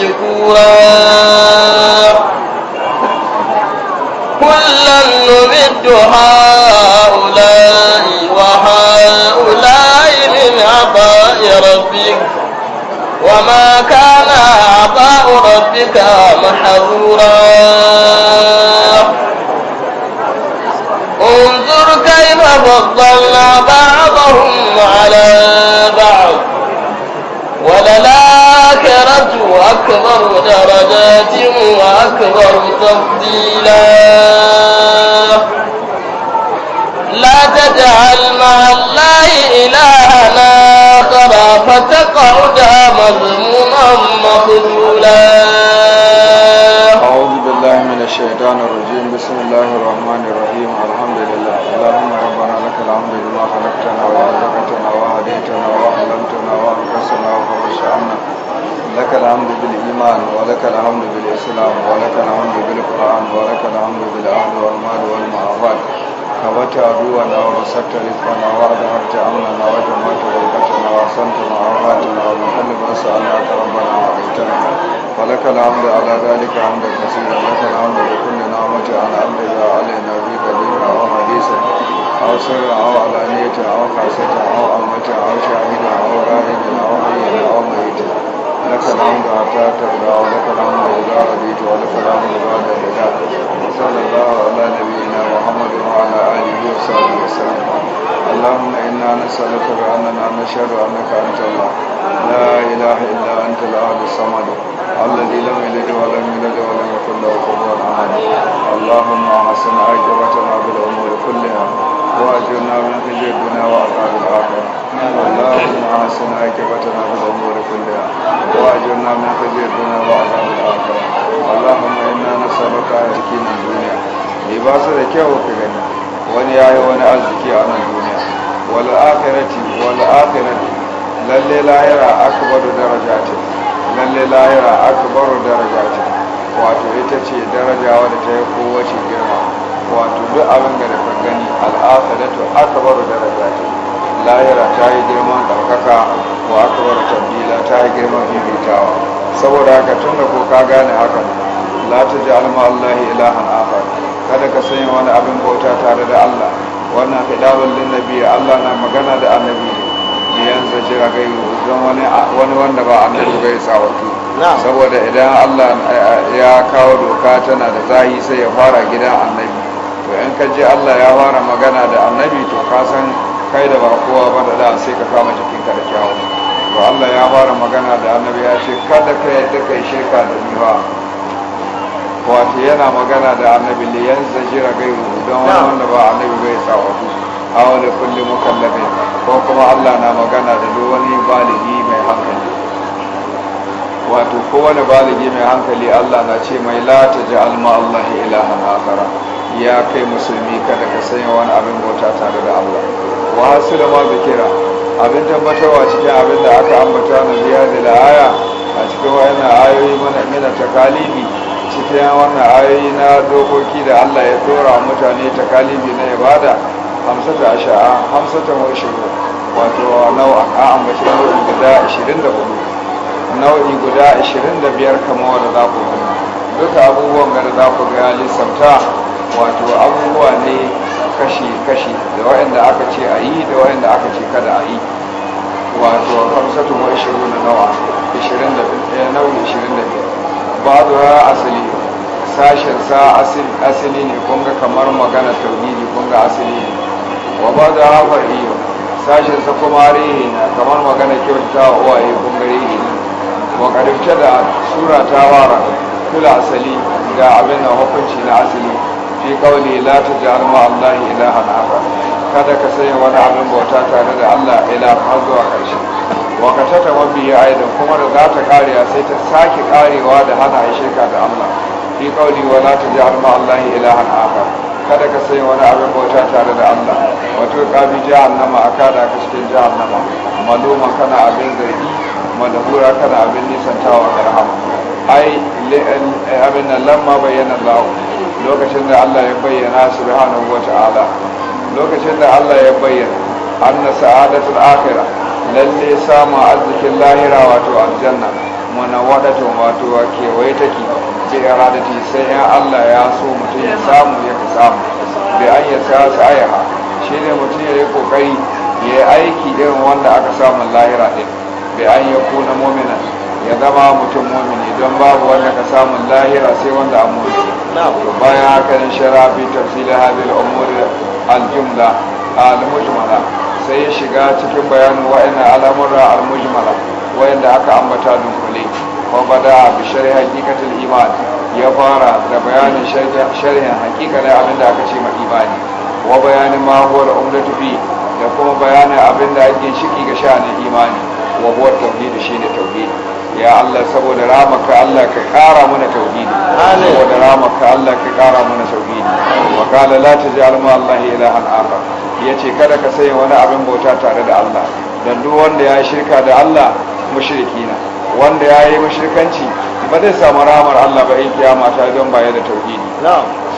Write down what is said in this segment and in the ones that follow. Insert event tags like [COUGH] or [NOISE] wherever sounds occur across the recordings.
شكورا كلا نمد هؤلاء وهؤلاء من عطاء ربك وما كان عطاء ربك محظورا انظر كيف فضلنا بعضهم على بعض وللا أكبر درجات وأكبر تفضيلا لا تجعل مع الله إلهنا آخر فتقعد مظلوما مخذولا أعوذ بالله من الشيطان الرجيم بسم الله الرحمن الرحيم لك الحمد بالإيمان ولك الحمد بالإسلام ولك الحمد بالقرآن ولك الحمد بالأهل والمال والمعافات كبت عدونا وبسطت رزقنا وأظهرت أمننا وجمعت بركتنا وأحسنت معافاتنا ومن أسألك ربنا وعافيتنا ولك الحمد على ذلك عند كثيرا لك الحمد بكل نعمة عن أمرها علينا في قديمة أو حديثا أو سر أو علانية أو خاصة أو أمة أو شاهد أو راهب أو حي أو ميت لك الحمد حتى تبدا ولك الحمد اذا رضيت ولك الحمد بعد الرضا وصلى الله على نبينا محمد وعلى اله وصحبه وسلم اللهم انا نسالك باننا نشهد انك انت الله لا اله الا انت الاحد الصمد الذي لم يلد ولم يلد ولم يكن له كفوا احد اللهم احسن عاقبتنا بالامور كلها واجرنا من خزي الدنيا وعذاب الآخرة اللهم أحسن عاقبتنا في الأمور كلها واجرنا من خزي الدنيا وعذاب الآخرة اللهم إنا نسألك عزكي من الدنيا لباس ذكاء وكغني wani yayi wani arziki a nan duniya wal akhirati wal akhirati lalle lahira akbaru darajati lalle lahira akbaru darajati wato ita ce daraja wadda ta yi kowace girma wato duk abin da ka gani al'afadatu akbar darajati lahira ta yi girman ɗaukaka wa akbar tabdila ta yi girman bibitawa saboda haka tun da ko ka gane haka la ta ji alma allahi ilahan akhar kada ka sanya wani abin bauta tare da allah wannan fidalun linnabi allah na magana da annabi ne yanzu jira gairu don wani wanda ba annabi bai sa saboda idan allah eh, ya kawo doka tana da zahi sai ya fara gidan annabi to in ka je Allah ya fara magana da annabi to ka san kai da ba kowa ba da da sai ka kama ka da kyawu to Allah ya fara magana da annabi ya ce kada ka yadda kai shirka da ni ba wato yana magana da annabi ne yan zajira gairu don wanda ba annabi bai sa wato hawa da kullum ko kuma Allah na magana da duk wani baligi mai hankali wato kowane baligi mai hankali Allah na ce mai la ta ji alma Allah ilahan akara ya kai musulmi kada ka sanya wani abin bauta tare da Allah wa hasu da ma zikira abin tabbatarwa cikin abin da aka ambata na biya da la'aya a cikin wannan ayoyi mana mina takalibi cikin wannan ayoyi na dokoki da Allah ya dora mutane takalibi na ibada hamsata asha'a hamsata wa shiru wato nau'a an ambaci nau'in guda 24 nau'i guda 25 kama wanda za ku gani duka abubuwan gani za ku ga lissafta wato abubuwa ne kashi-kashi da wa'anda aka ce a yi da wa'anda aka ce kada a yi wato kamsatu wa 20 na nawa 21 nau'i 25 ba da asali sashen sa asali ne kunga kamar magana tauhidi kunga asali ne wa ba da haifar iyo sashen sa kuma rihina kamar magana kyauta wa uwaye kunga wa karifta da sura ta wara kula asali ga abin da hukunci na asali fi kauli la ta ji alma Allah ilahan haka kada ka sayi wani abin bauta tare da Allah ila har zuwa ƙarshe wa ta taɓa biyu aidan kuma da za ta kariya sai ta sake ƙarewa da hana a shirka da Allah fi kauli wa la ta ji alma Allah ilahan haka kada ka sayi wani abin bauta tare da Allah wato kabi jihar nama a kada ka cikin jahannama maluma kana abin zargi da madahura kana abin nisantawa irham ai eh, abin nan lamma bayyana Allah lokacin da Allah ya bayyana subhanahu wa ta'ala lokacin da Allah ya bayyana anna sa'adatul akhirah lalle samu arzikin lahira wato aljanna munawwadatu wato kewaye take bi iradati sai ya Allah ya so mutum ya samu ya ka samu bi an ya sa sa'ayaha shine mutum ya yi kokari ya yi aiki irin wanda aka samu lahira din bi an ya kuna mu'mina ya zama mutum mu'mini don babu wanda ka samun lahira sai wanda an mutu to bayan haka in shara bi tafsila hadhihi al-umur al-jumla al-mujmala sai ya shiga cikin bayanin wa'annan al'amura al-mujmala wa'anda aka ambata dunkule wa bada bi shari'a haqiqatul iman ya fara da bayanin sharhin haqiqanin abinda aka ce ma imani wa bayanin ma huwa al-umdatu bi da kuma bayanin abinda ake shiki ga sha'anin imani wa tauhidi shine tauhidi ya Allah saboda ramaka Allah ka kara mana tauhidi saboda ramaka Allah ka kara mana tauhidi wa qala la taj'al ma Allah ilahan akhar yace kada ka sai wani abin bauta tare da Allah dan duk wanda ya shirka da Allah mushriki ne wanda ya yi mushrikanci ba zai samu ramar Allah ba in kiyama ta don baya da tauhidi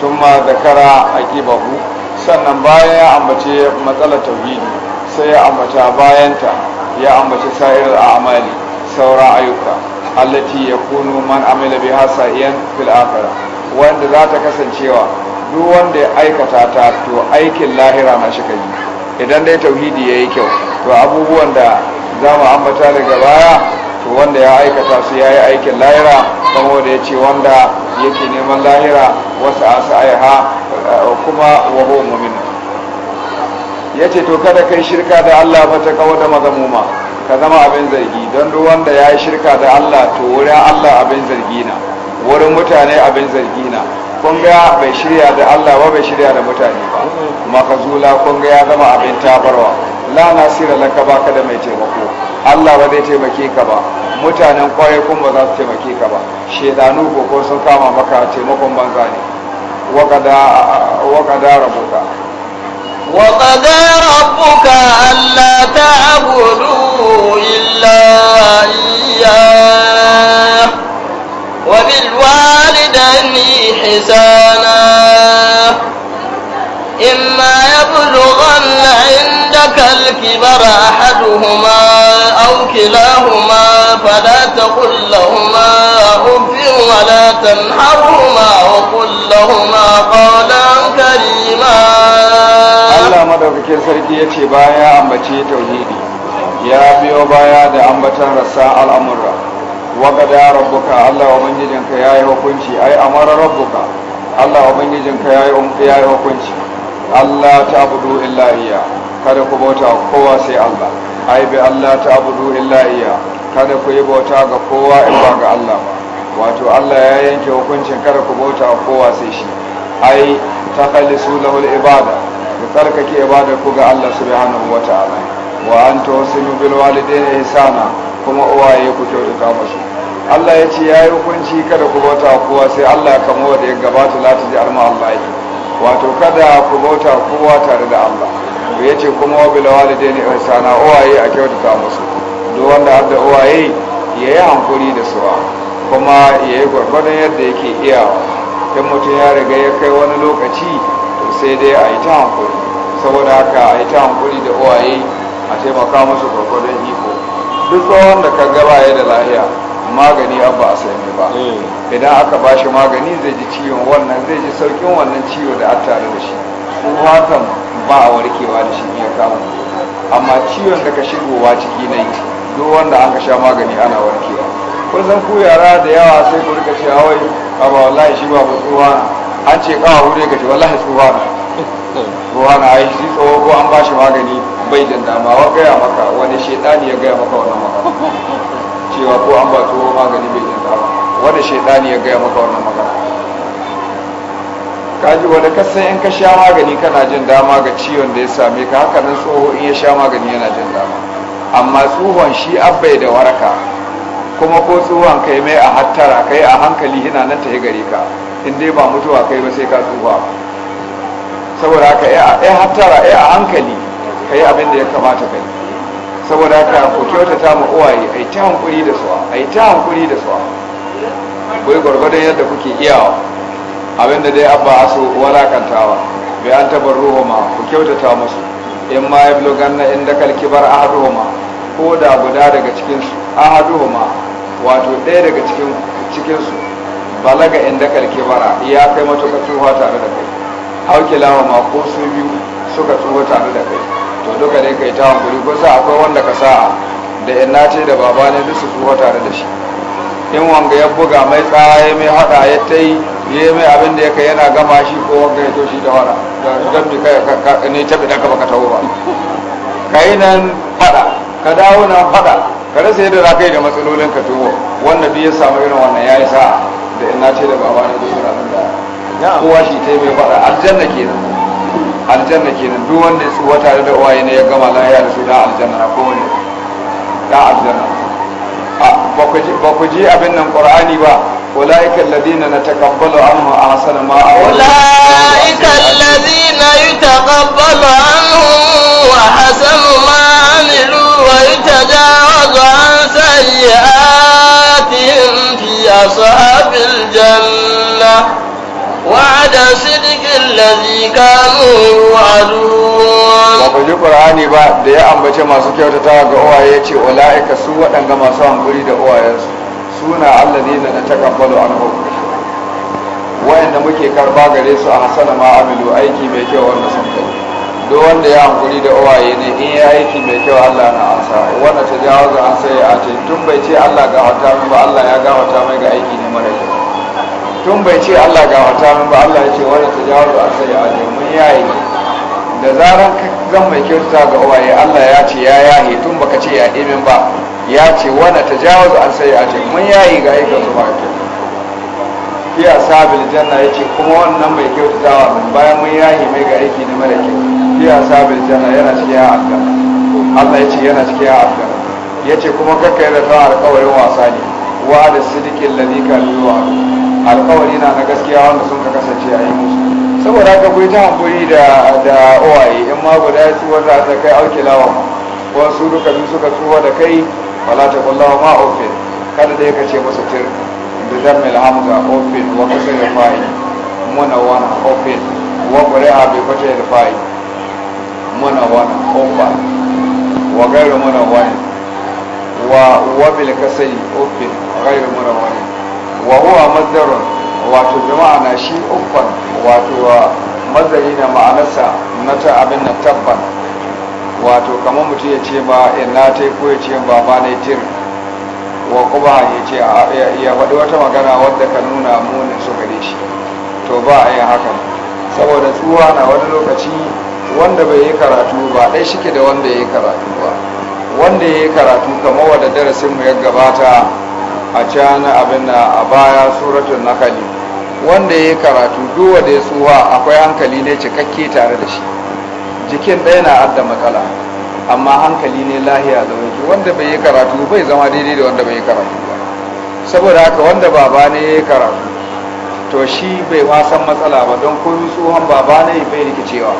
sun ma zakara aqibahu sannan bayan ya ambace matsalar tauhidi sai ya ambata bayanta ya ambaci sa'ir a amali sauran ayyuka allati ya kunu man amila biha sa'iyan fil akhirah wanda za ta kasancewa duk wanda ya aikata ta to aikin lahira na shi kai idan dai tauhidi yayi kyau to abubuwan da za mu ambata daga baya to wanda ya aikata su yayi aikin lahira saboda ya ce wanda yake neman lahira wasu aiha, kuma wa mu'min ya ce to kada kai shirka da Allah ba ta kawo da mazamuma ka zama abin zargi don duk wanda ya yi shirka da Allah to wurin Allah abin zargi na wurin mutane abin zargi na kun ga bai shirya da Allah ba bai shirya da mutane ba makazula kun ga ya zama abin tabarwa la nasira laka ka da mai taimako Allah ba zai taimake ka ba mutanen kwaye kun ba za su taimake ka ba shedanu ko sun kama maka taimakon banza ne wa kada rabuta وقضى ربك ألا تعبدوا إلا إياه وبالوالدين حسانا إما يبلغن عندك الكبر أحدهما أو كلاهما فلا تقل لهما أف ولا تنحرهما وقل لهما قولا maɗaukakin sarki ya ce bayan ya ambace tauhidi ya biyo baya da ambatan rasa al'amurra da rabuka allah ubangijinka ya yi hukunci ai amara rabuka allah ubangijinka ya yi um, hukunci allah ta abudu illahiya kada ku bauta kowa sai allah ai bi allah ta abudu illahiya kada ku yi bauta ga kowa in ba ga allah ba wato allah ya yanke hukuncin kada ku bauta kowa sai shi ai ta kalli sulahul ibada ka tsarkake ibadar ku ga Allah subhanahu wa ta'ala wa an tawassalu bil walidayni ihsana kuma uwaye ku kyautata musu Allah ya ce ya yi hukunci kada ku bauta kowa sai Allah kamar wanda ya gabata la ta ji alma Allah wato kada ku bauta kowa tare da Allah ya ce kuma wa bil isa ihsana uwaye a kyautata musu duk wanda har da uwaye yi hankuri da suwa kuma yi gwargwadon yadda yake iyawa in mutum ya riga ya kai wani lokaci sai dai a yi ta hankuri saboda haka a yi ta hankuri da uwaye a taimaka musu gwagwadon iko duk tsawon da ka gaba ya da lahiya magani an ba a sami ba eh. idan aka ba shi magani zai ji ciwon wannan zai ji saukin wannan ciwo da a tare da shi kuma hakan ba a warkewa da shi iya kama amma ciwon da ka shigowa ciki na yi duk wanda aka sha magani ana warkewa kun san ku yara da yawa sai ku rika cewa wai ba wallahi shi ba mutuwa an ce kawo wuri gashi wallahi tsuwa na wana na yi shi tsawo ko an ba shi magani bai jin dama wa gaya maka wani shaidani ya gaya maka wannan magana cewa ko an ba tsawo magani bai jin dama wani shaidani ya gaya maka wannan magana kaji wani ka san in ka sha magani kana jin dama ga ciwon da ya same ka haka nan tsoho in ya sha magani yana jin dama amma tsohon shi abbai da waraka kuma ko tsohon kai mai a hattara kai a hankali yana nan ta yi gare ka in dai ba mutuwa kai ba sai ka tsufa saboda haka ya eh, eh, hattara ya eh, a hankali ka yi abin da ya kamata kai saboda haka ku kyautata mu uwaye a yi ta hankuri da suwa a yi ta hankuri da suwa bai gwargwadon yadda kuke iyawa abin da dai abba aso walakantawa bai an tabar ma ku kyautata musu in ma ya blogan na inda kalkibar ma, ko da guda daga cikinsu ma wato ɗaya daga cikinsu balaga inda karke bara ya kai matuƙa tsuwa tare da kai haukilawa ma ko su biyu suka tsuwa tare da kai to duka ne kai ta hankuri ko sa akwai wanda ka sa da ina ce da baba ne duk su tsuwa tare da shi in wanga ya buga mai tsara ya mai hada ya ta yi ya mai abin da ya kai yana gama shi ko wanga ya toshi da wara don bi kai ne tafi da ka baka taho ba kai nan fada ka dawo nan fada ka rasa yadda za ka yi da matsalolin ka tuwo wanda biyu ya samu irin wannan ya yi sa'a da ce da baba ne da ya kowa shi ta mai fara aljanna kenan aljanna kenan duk wanda su wata da uwaye ne ya gama lahiya da su da aljanna na kowane da aljanna ba ku ji abin nan qur'ani ba ulaika alladhina natakabbalu anhu ahsana ma ulaika alladhina yutaqabbalu anhu wa hasanu ma amilu wa yatajawazu an أصحاب الجنة وعد صدق الذي كانوا يوعدون ba ji qur'ani ba da ya ambace masu kyautatawa ga uwaye ce ula'ika su waɗanga masu hankuri da uwayensu suna alladina na takabbalu anhum wa'anda muke karba gare su a hasana ma amilu aiki mai kyau wanda sun kai duk wanda ya hankuli da uwaye ne in ya aiki mai kyau Allah na ansa wanda ta jawo ga an sai a ce tun bai ce Allah ga wata min ba Allah ya gawata mai ga aiki ne mara kyau tun bai ce Allah ga wata min ba Allah ya ce wanda ta jawo ga an sai a ce mun yi da zaran ka zan mai ta ga uwaye Allah ya ce ya yahe tun baka ce ya imin ba ya ce wanda ta jawo ga an sai a ce mun yi ga aikin su ba kyau fi asabil janna yace kuma wannan mai kyautatawa bayan mun yahi mai ga aiki ne mara kyau fi asabil janna yana cikin ya aljanna Allah ya ce yana cikin ya aljanna ya ce kuma kakka yana ta alƙawarin wasa ne wa da sidikin lalika biyuwa alkawari na na gaskiya wanda sun ka kasance a yi musu saboda haka ku ta hankuri da da owaye in ma guda ya tsuwa da ta kai auki lawa su duka bi suka tsuwa da kai wala ta kullawa ma ofin kada da ya kace musu tir da zammil hamza ofin wa kusa da fa'i muna wani ofin wa ƙuri'a bai kwace da fa'i wani kofa wa gairu wani. wa wabil kasali uffin gairu wani. wa huwa mazdarun wato jama'a na shi uffan wato mazari na ma'anarsa na ta abin na tabban wato kamar mutum ya ce ba ina ta ko ya ce ba ba na tir wa kuma ya ce ya faɗi wata magana wadda ka nuna munin su gare shi to ba a yin hakan saboda tsuwa na wani lokaci wanda bai yi karatu ba dai shike da wanda ya yi karatu ba wanda ya yi karatu kama wadda darasinmu ya gabata a can abin a baya suratun nakali wanda ya yi karatu duwa da ya tsuwa akwai hankali ne cikakke tare da shi jikin ɗaya na adda matsala amma hankali ne lahiya da wuce wanda bai yi karatu bai zama daidai da wanda bai yi karatu ba saboda haka wanda baba ne ya yi karatu to shi bai ma san matsala ba don komi tsohon baba ne bai rikicewa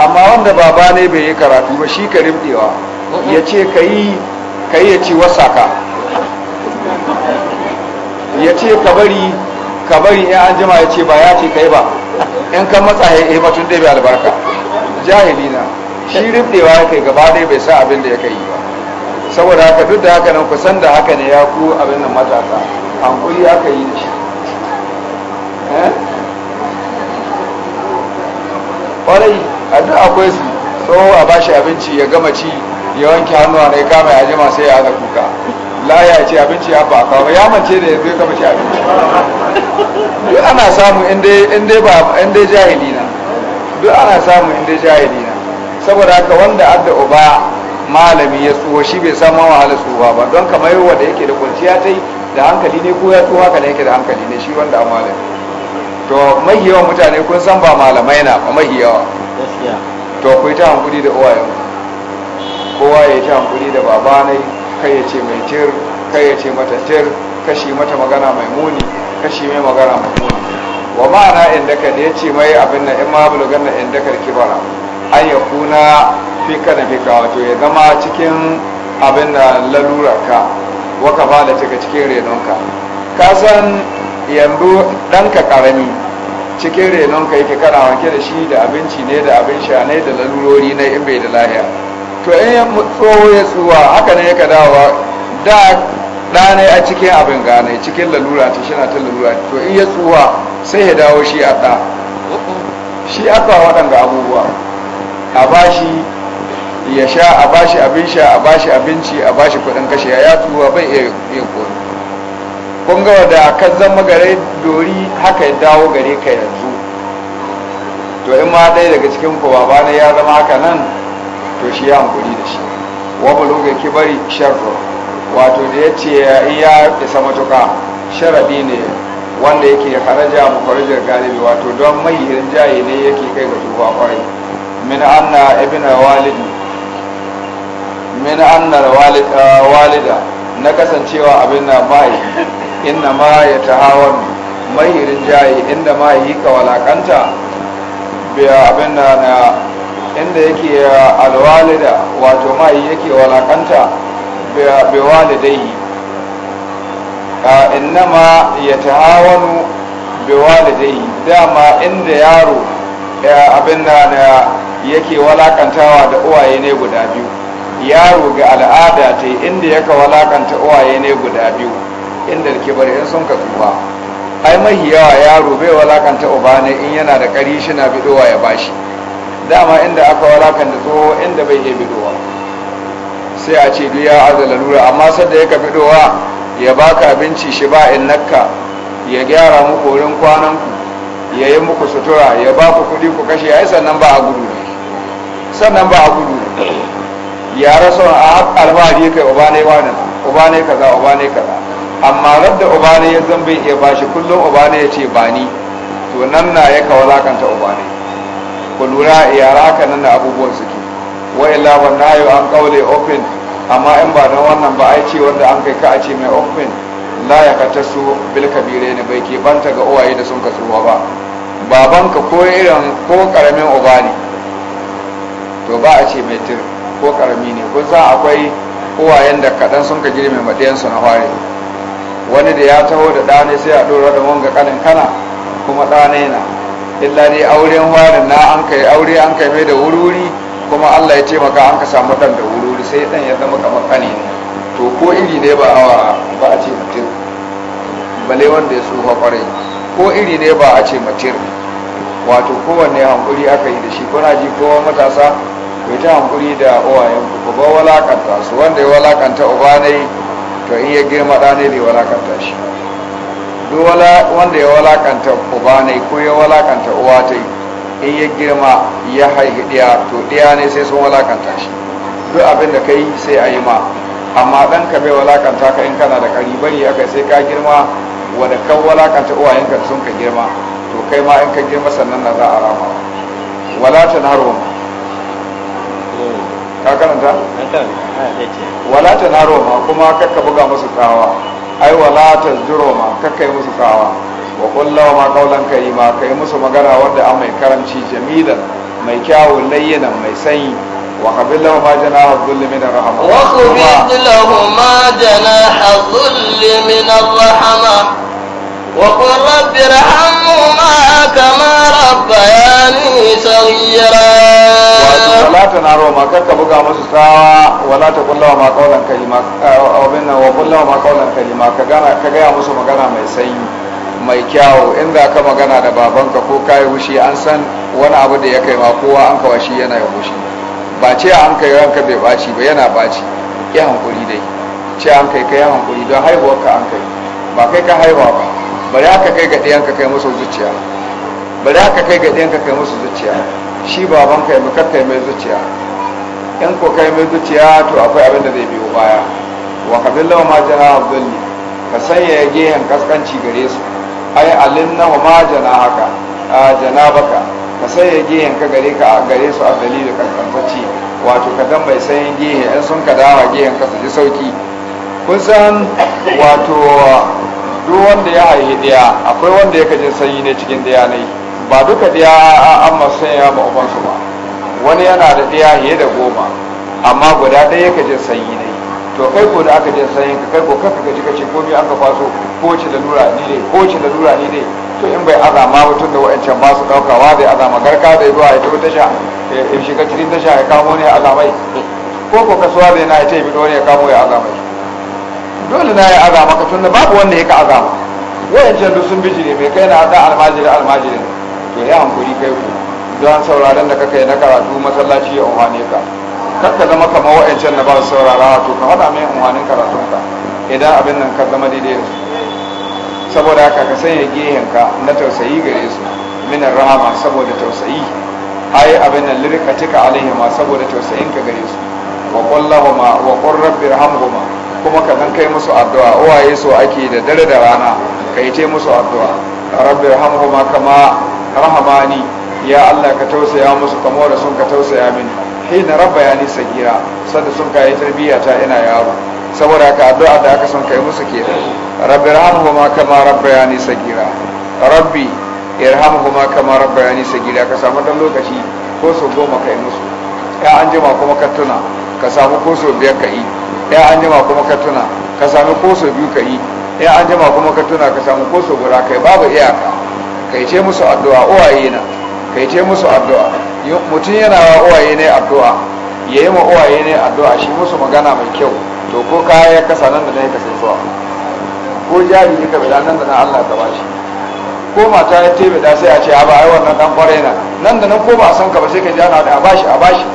amma wanda baba ne bai yi karatu ba shi ka rimdewa ya ce ka yi ka yi ya ce wasa ka ya ce ka bari ka bari in an jima ya ce ba ya ce ka yi ba in kan matsa ya yi matun dai bai albarka jahili na shi rimdewa ya kai gaba dai bai sa abin da ya kai ba saboda haka duk da haka nan kusan da haka ne ya ku abin nan matasa hankuri aka yi da yi ƙwarai eh? a duk akwai su so a bashi abinci ya gama ci ya wanke hannuwa na ya kama ya jima sai ya ana kuka laya ce abinci ya ba kawo ya mace da ya zai gama ci abinci duk ana samu in dai jahili na duk ana samu inda jahili na saboda haka wanda adda uba malami ya tsuwa shi bai samu wahala tsuwa ba don kamar yau wanda yake da kwanciya ta yi da hankali ne ko ya tsuwa ka ne yake da hankali ne shi wanda a malami to mahi yawan mutane kun san ba malamai na ba mahi yawa to ku yi ta hankuri da uwaye kowa ya yi ta hankuri da babanai kai ya ce mai tir kai ya ce mata tir kashi mata magana mai muni kashi mai magana mai muni wa ma'ana inda ka da ya ce mai abin da in ma bulugan da inda ka bara? an ya kuna fika na fika wato ya zama cikin abin da ka, waka ba da cika cikin renonka ka san yanzu ɗanka ƙarami cikin renon ka yake kana wanke da shi da abinci ne da abin sha ne da lalurori na in bai da lahiya to in ya tsoho ya tsuwa haka ne ka dawowa da ɗane a cikin abin gane cikin lalura ta shi na ta lalura to in ya tsuwa sai ya dawo shi a ɗa shi aka waɗanga abubuwa a bashi ya sha a ba shi abin sha a ba shi abinci a ba shi kuɗin kashe ya tsuwa bai iya yin kun wadda ka zama gare dori haka ya dawo gare ka yanzu to in ma ɗaya daga cikin ku ba na ya zama haka nan to shi ya hankuli da shi wa ki bari, sharru wato da ya ce ya isa matuka sharabi ne wanda yake haraja mukharajar galibi wato don mai jaye ne yake kai ga tuba kwarai min anna ibn walid min anna walida na kasancewa abin na mahaifi inna ma ya ta hawan mai jayi inda ma yi ka biya abin da na inda yake alwalida wato ma yake walakanta biya walidai inna ma ya ta wali biya walidai dama inda yaro abin da na yake walakantawa da uwaye ne guda biyu yaro ga al'ada ta inda yaka walakanta uwaye ne guda biyu inda da bari in sun ka tsufa ai mahi yawa yaro bai walakanta uba ne in yana da ƙari shi na bidowa ya bashi dama inda aka da tsoho inda bai iya bidowa sai a ce duya ya aza lalura amma sadda ya ka bidowa ya baka abinci shi ba in nakka ya gyara muku wurin ku, ya yi muku sutura ya ba ku kuɗi ku kashe ai sannan ba a gudu ne sannan ba a gudu ne ya rasu a alfahari kai uba uba ne kaza uba ne kaza amma radda uba ne ya zan bai iya bashi kullum uba ya ce ba ni to nan na ya kawo lakanta uba ku lura yara ka nan da abubuwan suke wa illa ba na yau an kaule open amma in ba don wannan ba ai ce wanda an kai ka a ce mai open la ya kata su bil kabire ne bai ke banta ga uwaye da sun kasuwa ba babanka ko irin ko karamin uba to ba a ce mai tir ko karami ne kun san akwai uwayen da kaɗan sun ka girme maɗiyansu na fare wani da ya taho da ɗane sai a ɗora da wanga kanin kana kuma ɗane na illa ne auren warin na an kai aure an kai mai da wuri kuma allah ya taimaka an ka samu ɗan da wuri sai ɗan ya zama kamar ƙani to ko iri ne ba a ce mutum bale wanda ya tsufa kwarai ko iri ne ba a ce mutum wato kowanne hankuri aka yi da shi kuna ji kowa matasa ku ta hankuri da uwayenku ku ba walakanta su wanda ya walakanta uba ne to in ya girma da ne ya walakanta shi duk wanda ya walakanta uba ne ko ya walakanta uwa ta yi, in ya girma ya haihi ɗiya to ɗiya ne sai sun walakanta shi duk abin da ka yi sai a yi ma amma ɗan ka bai walakanta ka in kana da ƙari bari aka sai ka girma wanda kan walakanta yanka sun ka girma to kai ma in ka girma sannan na za a rama wala ta na eh. ka karanta wala ta na roma kuma kakka buga musu tsawa ai wala ta ma kakka yi musu tsawa wa kullawa ma kaulan karima ka yi musu magana wanda amai mai karamci jamila mai kyawun layyinan mai sanyi وخفض لهما جناح الذل من الرحمة وخفض وقل رب ارحمهما كما ربياني صغيرا ولا تنعروا ما كرك بقى مسكاوا ولا تقول لهم قولا كلمة أو بنا وقل لهم قولا كلمة كجاية كجانا مسوا مجانا مسيني mai kyawo in ka magana da babanka ko kayi wushi an san wani abu da ya kai ma kowa an kawa shi yana yin wushi ba ce an kai ranka bai baci ba yana baci ya hankuri dai ce an kai kai ya hankuri don ka an kai ba kai ka haihuwa ba bari aka kai ga ɗayanka kai musu zuciya bari haka kai ga ɗayanka kai musu zuciya shi baban kai mu kai mai zuciya in ko kai mai zuciya to akwai abin da zai biyo baya wa kabila ma jana abdulli ka sanya ya gehen kaskanci gare su ai alin na ma jana haka a jana baka ka sanya gehen ka gare ka gare su a dalilin kaskantacci wato ka dan mai sanyin gehe in sun ka dawa gehen ka su ji sauki kun san wato duk wanda ya haihi daya akwai wanda ya jin sanyi ne cikin daya ne ba duka daya an masanya ba ubansu ba wani yana da daya fiye da goma amma guda ɗaya ya jin sanyi ne to kai ko da aka jin sanyi ka kai ko kanka gaji kace ko mi aka faso ko ce da lura ni ne ko ce da lura ni ne to in bai azama mutum da wa'ancan ba su daukawa aza ma garka zai zuwa ya tafi tasha ya shiga cikin tasha ya kamo ne mai ko ko kasuwa zai na ya ce bi dole ya kamo ya azamai dole na yi azama ka tunna babu wanda ya ka azama wayancan duk sun bijire mai kai na da almajiri almajiri to ya hankuri kai ku don sauraron da kakai na karatu masallaci ya umarne ka kakka zama kamar wayancan na ba su saurara to ka faɗa mai umarnin karatun ka idan abin nan ka zama daidai su saboda haka ka sanya gehen ka na tausayi gare su minar rahama saboda tausayi ai abin nan lirka tika alaihima saboda tausayin ka gare su wa qul ma. wa qur rabbi irhamhuma kuma ka zan kai musu addu'a uwaye so ake da dare da rana ka yi musu addu'a rabbi rahamhuma kama rahamani ya Allah ka tausaya musu kamar da sun ka tausaya mini hina rabba ya nisa gira sanda sun kayi tarbiyya ta ina yaro saboda ka addu'a da aka son kai musu ke rabbi rahamhuma kama rabba ya nisa gira rabbi irhamhuma kama rabba ya nisa gira ka samu dan lokaci ko so goma kai musu ya an jima kuma ka tuna ka samu ko so biyar ka yi ya an jima kuma ka tuna ka sami koso biyu ka yi ya an jima kuma ka tuna ka sami koso guda kai babu iyaka kai ce musu addu'a uwaye na kai ce musu addu'a mutum yana wa uwaye ne addu'a ya yi ma uwaye ne addu'a shi musu magana mai kyau to ko ka ya kasa nan da na ka kasa zuwa ko jari ya kabila nan da na allah ta bashi ko mata ya tebe da sai a ce a ba ai wannan dan kware na nan da nan ko ba san ka ba sai ka ji ana da a bashi a bashi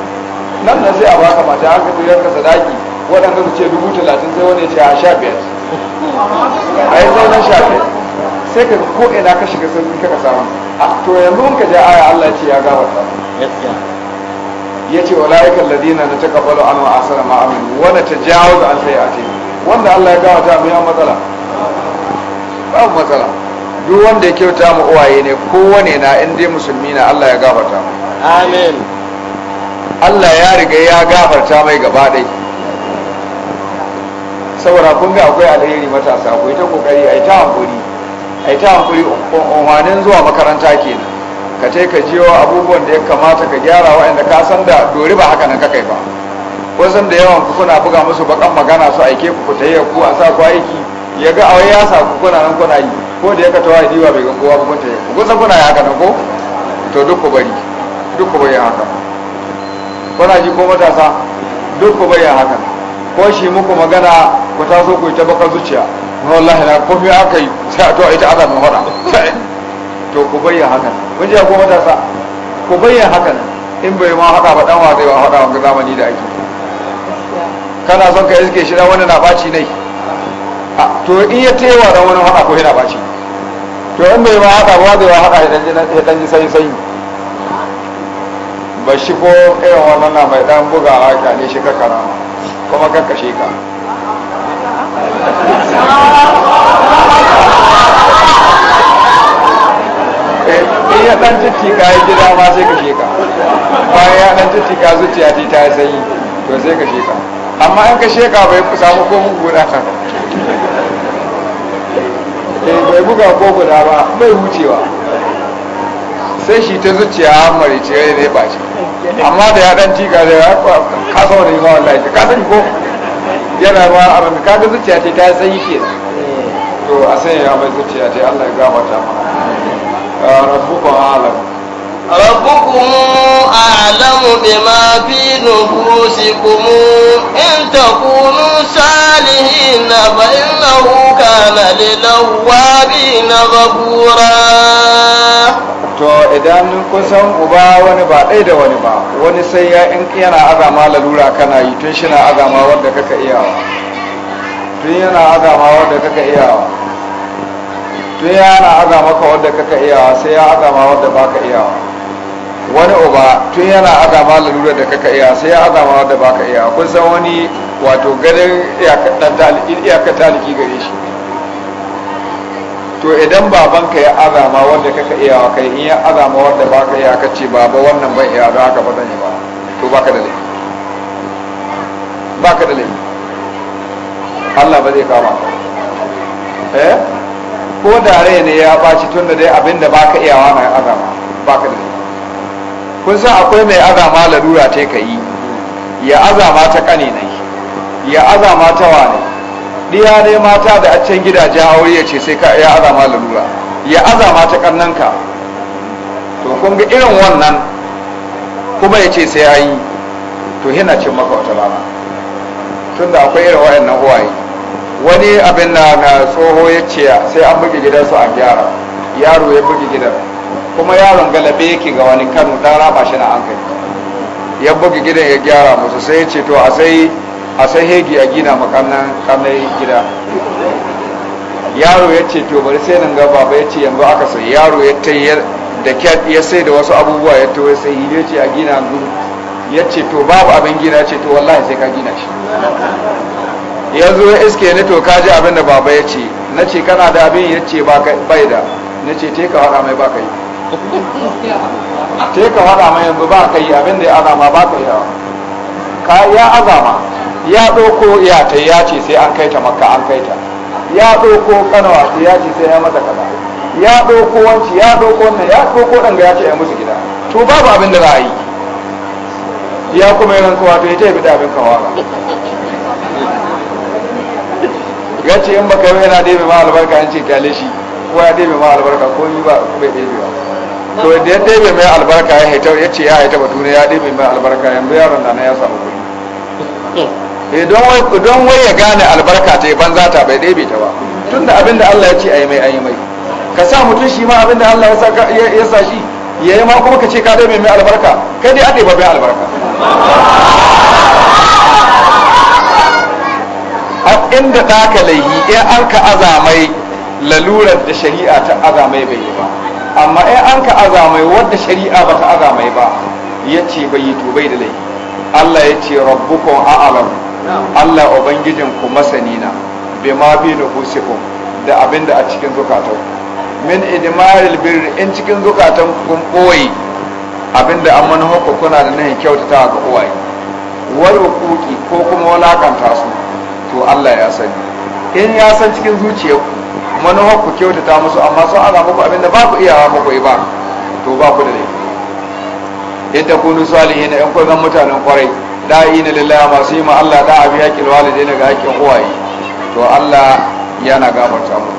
nan da sai a baka mata haka to ya kasa daki waɗanda su ce dubu talatin sai wani ya ce a sha biyar a yi zaunan sha biyar sai ka ko ina ka shiga sauki kaka samu a to yanzu ka ja aya Allah ce ya gabata. ya ce wa la'ikan ladina na takabbalu an wa asara ma'amin wanda ta jawo ga an sai a teku wanda Allah ya gabata mu ya matsala babu matsala duk wanda ya kyauta mu uwaye ne kowane na in dai musulmi na Allah ya gafarta mu amin Allah ya riga ya gafarta mai gaba ɗaya saboda kun ga akwai alheri matasa ku yi ta kokari a yi ta hankuri a yi ta hankuri umarnin zuwa makaranta ke nan ka ce ka jiyo abubuwan da ya kamata ka gyara wa'anda ka san da dori ba haka nan ka kai ba wasan da yawan kuna buga musu bakan magana su aike ku ku tayi ku a sa ku aiki ya ga awai ya sa ku kuna nan kuna yi ko da ya ka tawa diwa bai ga kowa ba ku ku kusa kuna yi haka nan ko to duk ku bari duk ku bari haka kuna ji ko matasa duk ku bari haka nan ko shi muku magana ku taso ku ta baka zuciya wallahi na kofi aka yi sai a to ita aka mai hada to ku bayyana haka mun ji ko matasa ku bayyana haka in bai ma haka ba dan wa zai ba hada zamani da ake kana son ka iske shi da wani na baci ne to in ya tewa da wani haka ko yana baci to in bai ma haka ba zai ba hada ya dan ji sai sai ba shi ko irin wannan na mai dan buga a ne shi karama. kuma kan ka eh, in ya dan ka yi gida ma sai kashe ka bayan ya dan ka zuciya ce ta sanyi to sai kashe ka amma in kashe ka bai samu ko mun guda ka eh, bai buga ko guda ba bai wucewa sai shi ta zuciya marice rai ne ba shi amma da ya dan jiga da ya kasa wani zuwa wallahi ka san ko yana ba a rami ka ga zuciya ta ta sai ke to a sai ya mai zuciya ta Allah ya gafarta ma ah, rabbukum alam rabbukum a'lamu bima fi nufusikum in takunu salihin fa innahu kana lil awabin ghafura to idan kun san uba wani ba ɗai da wani ba wani sai ya in yana azama lalura kana yi tun shi na azama wadda kaka iyawa tun yana azama wadda kaka iyawa tun yana azama ka wadda kaka iyawa sai ya azama wadda baka iyawa wani uba tun yana azama lalura da kaka iyawa sai ya azama wadda baka iyawa kun san wani wato ganin iyakar taliki gare shi to idan babanka ya azama wanda kaka iyawa kai in ya azama wanda ba ka iya ka ce baba wannan ban iya za ka ba zan yi ba to baka da laifi baka da laifi Allah ba zai kama ka eh ko da rai ne ya baci tun da dai abin da iya iyawa mai azama baka da laifi kun san akwai mai azama larura ta kai ya azama ta kane ne ya azama ta wane diya ne mata da a can gidaje aure ya ce sai ka ya azama lalura ya azama ta kannanka to kun ga irin wannan kuma ya ce sai ya yi to yana cin maka wata rana tun da akwai irin nan uwaye wani abin na na tsoho ya ce sai an buge gidansu an gyara yaro ya buge gidan kuma yaron galabe yake ga wani kano dan raba shi na hankali ya buge gidan ya gyara musu sai ya ce to a sai a sai hegi a gina makannan kanai gida yaro ya ce to bari sai nan ga baba ya ce yanzu aka sai yaro ya tayyar da kyat ya sai da wasu abubuwa ya to sai hidiyo ce a gina gudu ya ce to babu abin gina ce to wallahi sai ka gina shi ya zo ya iske ni to kaji abin da baba ya ce na ce kana da abin ya ce bai da na ce te ka faɗa mai ba ka yi [LAUGHS] te ka faɗa mai yanzu ba ka yi abin da ya azama ba ka yi yawa ka ya azama ya ɗauko ya ta ya ce sai an kai ta makka an kai ta ya ɗauko kanawa ta ya ce sai ya mata kaza ya ɗauko wanci ya ɗauko wannan ya ɗauko ɗan ya ce ya musu gida to babu abin da za a yi ya kuma yi rantsuwa to ya ta yi bida abin kawa ba ce in baka yi yana ɗebe ma albarka an ce kyale shi ko ya ɗebe ma albarka ko yi ba bai ɗebe ba to da ya ɗebe mai albarka ya ce ya haita ba duniya ya ɗebe mai albarka yanzu yaron na ya samu kuɗi Eh, don wai ya gane albarka ta yi banza ta bai ɗebe ta ba tun da abin da Allah ya ce a yi mai an yi mai ka sa mutum shi ma abin da Allah ya sa shi ya yi ma kuma ka ce ka ɗebe mai albarka kai dai a ɗebe bai albarka a inda ɗaka laihi in an ka azamai lalurar da shari'a ta azamai bai yi ba amma in an ka azamai wadda shari'a ba ta azamai ba ya ce bai yi to bai da laihi Allah ya ce rabbukum a'lamu Allah ubangijin ku masani na bi ma bi da abin da a cikin zukatan min idmaril birri in cikin zukatan kun boye abin da an manuwa ku kuna da nan kyautata ga uwaye wal hukuki ko kuma walakanta su to Allah ya sani in ya san cikin zuciyarku manuwa ku kyautata musu amma sun ala muku abin da ba ku iyawa muku ba to ba ku da laifi yadda kunu salihin in kun zan mutanen kwarai da'ina lillahi masu yi ma Allah da'a biya kilwalide daga haƙƙin uwaye to Allah yana gafarta mu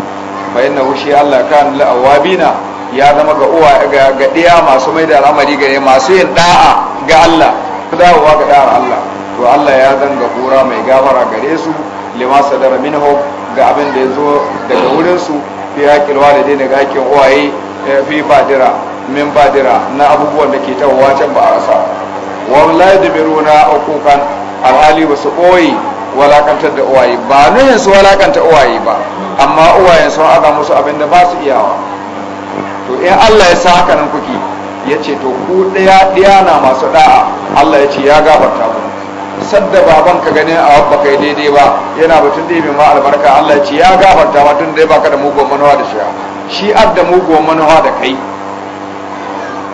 fa inna shi Allah kan awabina ya zama ga uwa ga masu mai da al'amari gare masu yin da'a ga Allah dawowa ga da'ar Allah to Allah ya zanga kura mai gafara gare su lima sadar minhu ga abin da ya zo daga wurin su fi da walide daga haƙƙin uwaye eh, fi fadira min fadira na abubuwan da ke tawowa can ba a rasa wallahi da ukukan alhali ba su ɓoye walakantar da uwaye ba nuhin su walakanta uwaye ba amma uwayen sun aka musu abin da ba su iyawa to in allah ya sa haka nan kuki ya ce to ku ɗaya ɗaya na masu ɗa'a allah ya ce ya gabata mu sadda baban ka ganin a wabba kai daidai ba yana batun ɗebe ma albarka allah ya ce ya gabata ma tun dai baka da mugun manuwa da shi shi adda mugun manuwa da kai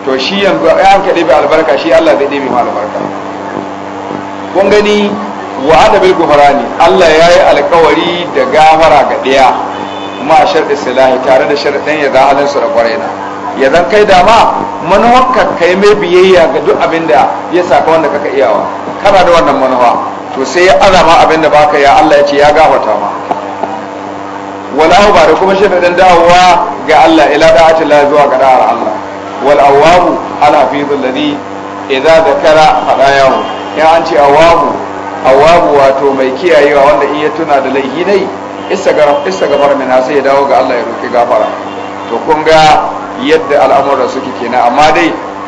to shi yanzu ya an kaɗe bai albarka shi Allah zai ɗebe ma albarka kun gani wa bil gufrani Allah ya yi alkawari da gafara ga ɗaya ma sharɗi silahi tare da sharɗin ya zahalin su da kwarai na ya zan kai dama ka kai mai biyayya ga duk abin da ya saka wanda kaka iyawa kana da wannan manuwa to sai ya azama abin da baka ya Allah ya ce ya gafarta ma wala ba da kuma shi da dawowa ga Allah ila da'atillah zuwa ga da'ar Allah wal awabu al hafizu alladhi idza dhakara khadayahu in an ce awabu awabu wato mai kiyayewa wanda in tuna da laihi ne isa gafar mina sai ya dawo ga Allah ya roki to kun ga yadda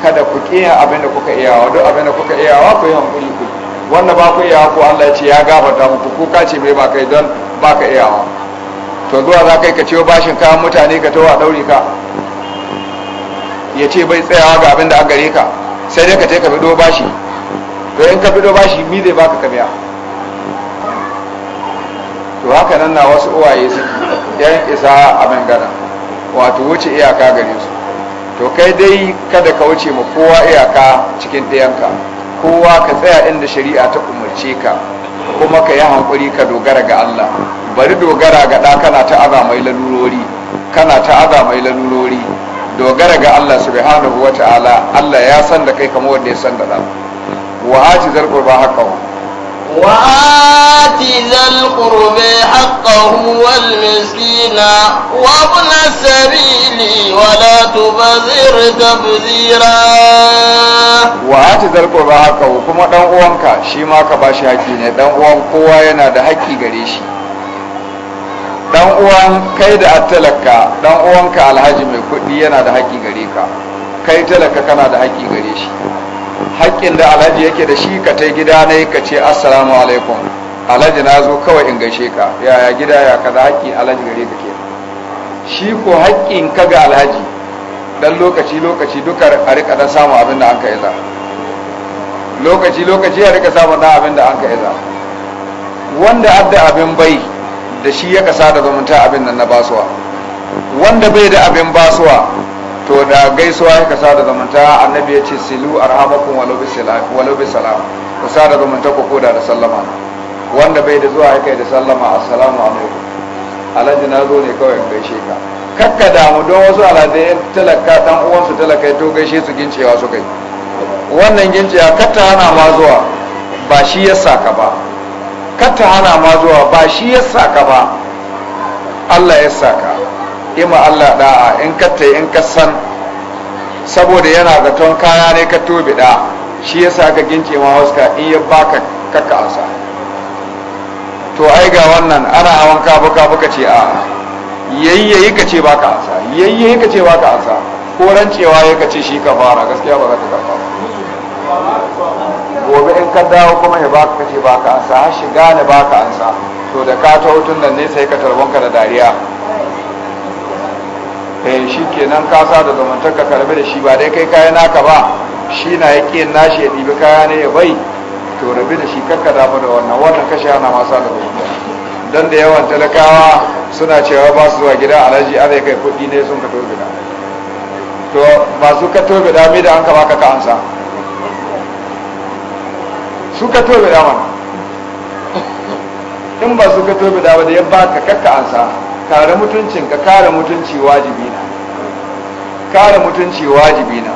kada ku kiya abin da kuka iyawa duk abin da kuka iyawa ku yi hankuli ku wanda ba ku iyawa ko Allah ya ce ya gafarta muku ku ka ce mai ba kai don ba ka iyawa to zuwa za kai ka ciwo bashin kayan mutane ka tawa daure ka ya ce bai tsayawa ga abin da an gare ka sai dai ka ce ka fido bashi to in ka fido bashi mi zai baka ka biya to haka nan na wasu uwaye su yan isa a bangaren wato wuce iyaka gare su to kai dai kada ka wuce ma kowa iyaka cikin ɗayanka kowa ka tsaya inda shari'a ta umarce ka kuma ka yi hankuri ka dogara ga Allah bari dogara ga ɗa kana ta aza mai lalurori kana ta aza mai lalurori dogara ga Allah subhanahu wa ta'ala Allah ya san da kai kamar wanda ya san da ɗan wa haji zal qurba haqqahu wa ati zal qurba haqqahu wal miskina wa ibn sabili wa la tubzir tabzira wa ati zal qurba haqqahu kuma dan uwanka shi ma ka bashi haƙi ne dan uwan kowa yana da haƙi gare shi dan uwan kai da talaka dan uwanka alhaji mai kuɗi yana da haƙƙi gare ka kai talaka kana da haƙƙi gare shi haƙƙin da alhaji yake da shi ka tai gida ne ka ce assalamu alaikum alhaji na zo kawai in gaishe ka yaya gida ya kaza haƙi alhaji gare ka ke shi ko haƙƙin ka ga alhaji dan lokaci lokaci duka a rika dan samun abin da an ka iza lokaci lokaci a rika samun da abin da an ka iza wanda adda abin bai da shi ya kasa da zumunta abin nan na basuwa wanda bai da abin basuwa to da gaisuwa ya kasa da zumunta annabi ya ce silu arhamakum walau bi salam ku sa da zumunta ku koda da sallama wanda bai da zuwa ya kai da sallama assalamu alaikum alhaji na zo ne kawai in gaishe ka kakka damu don wasu alhazai talaka dan uwansu talaka to gaishe su gincewa su kai wannan gincewa katta hana ma zuwa ba shi ya saka ba kata hana ma zuwa ba shi ya saka ba Allah ya saka ima Allah da'a in kata in ka san saboda yana ton kaya ne ka tobi da shi ya saka gince ma waska in ya baka kaka asa to ai ga wannan ana hawan ka buka ce a yayyayi ka ce baka asa yayyayi ka ce baka asa ko rancewa ya ka ce shi ka fara gaskiya ba za ka karba ba ka dawo kuma ya baka kace baka ansa har shiga ne baka ansa to da ka ta hutun nan ne sai ka tarbonka da dariya eh shi kenan ka sa da zamantar ka karbi da shi ba dai kai kayan naka ba shi na yake nashi ya ɗibi kaya ne ya bai to rabi da shi kakka damu da wannan wannan kashe ana masa da zumunta don da yawan talakawa suna cewa ba su zuwa gida alhaji ana kai kuɗi ne sun ka gida to su ka tobe gida mai da an ka baka ka ansa su ka tobe da wani in ba su ka tobe da wani ya ya baka kakka ansa kare mutuncin ka kare mutunci wajibi na kare mutunci wajibi na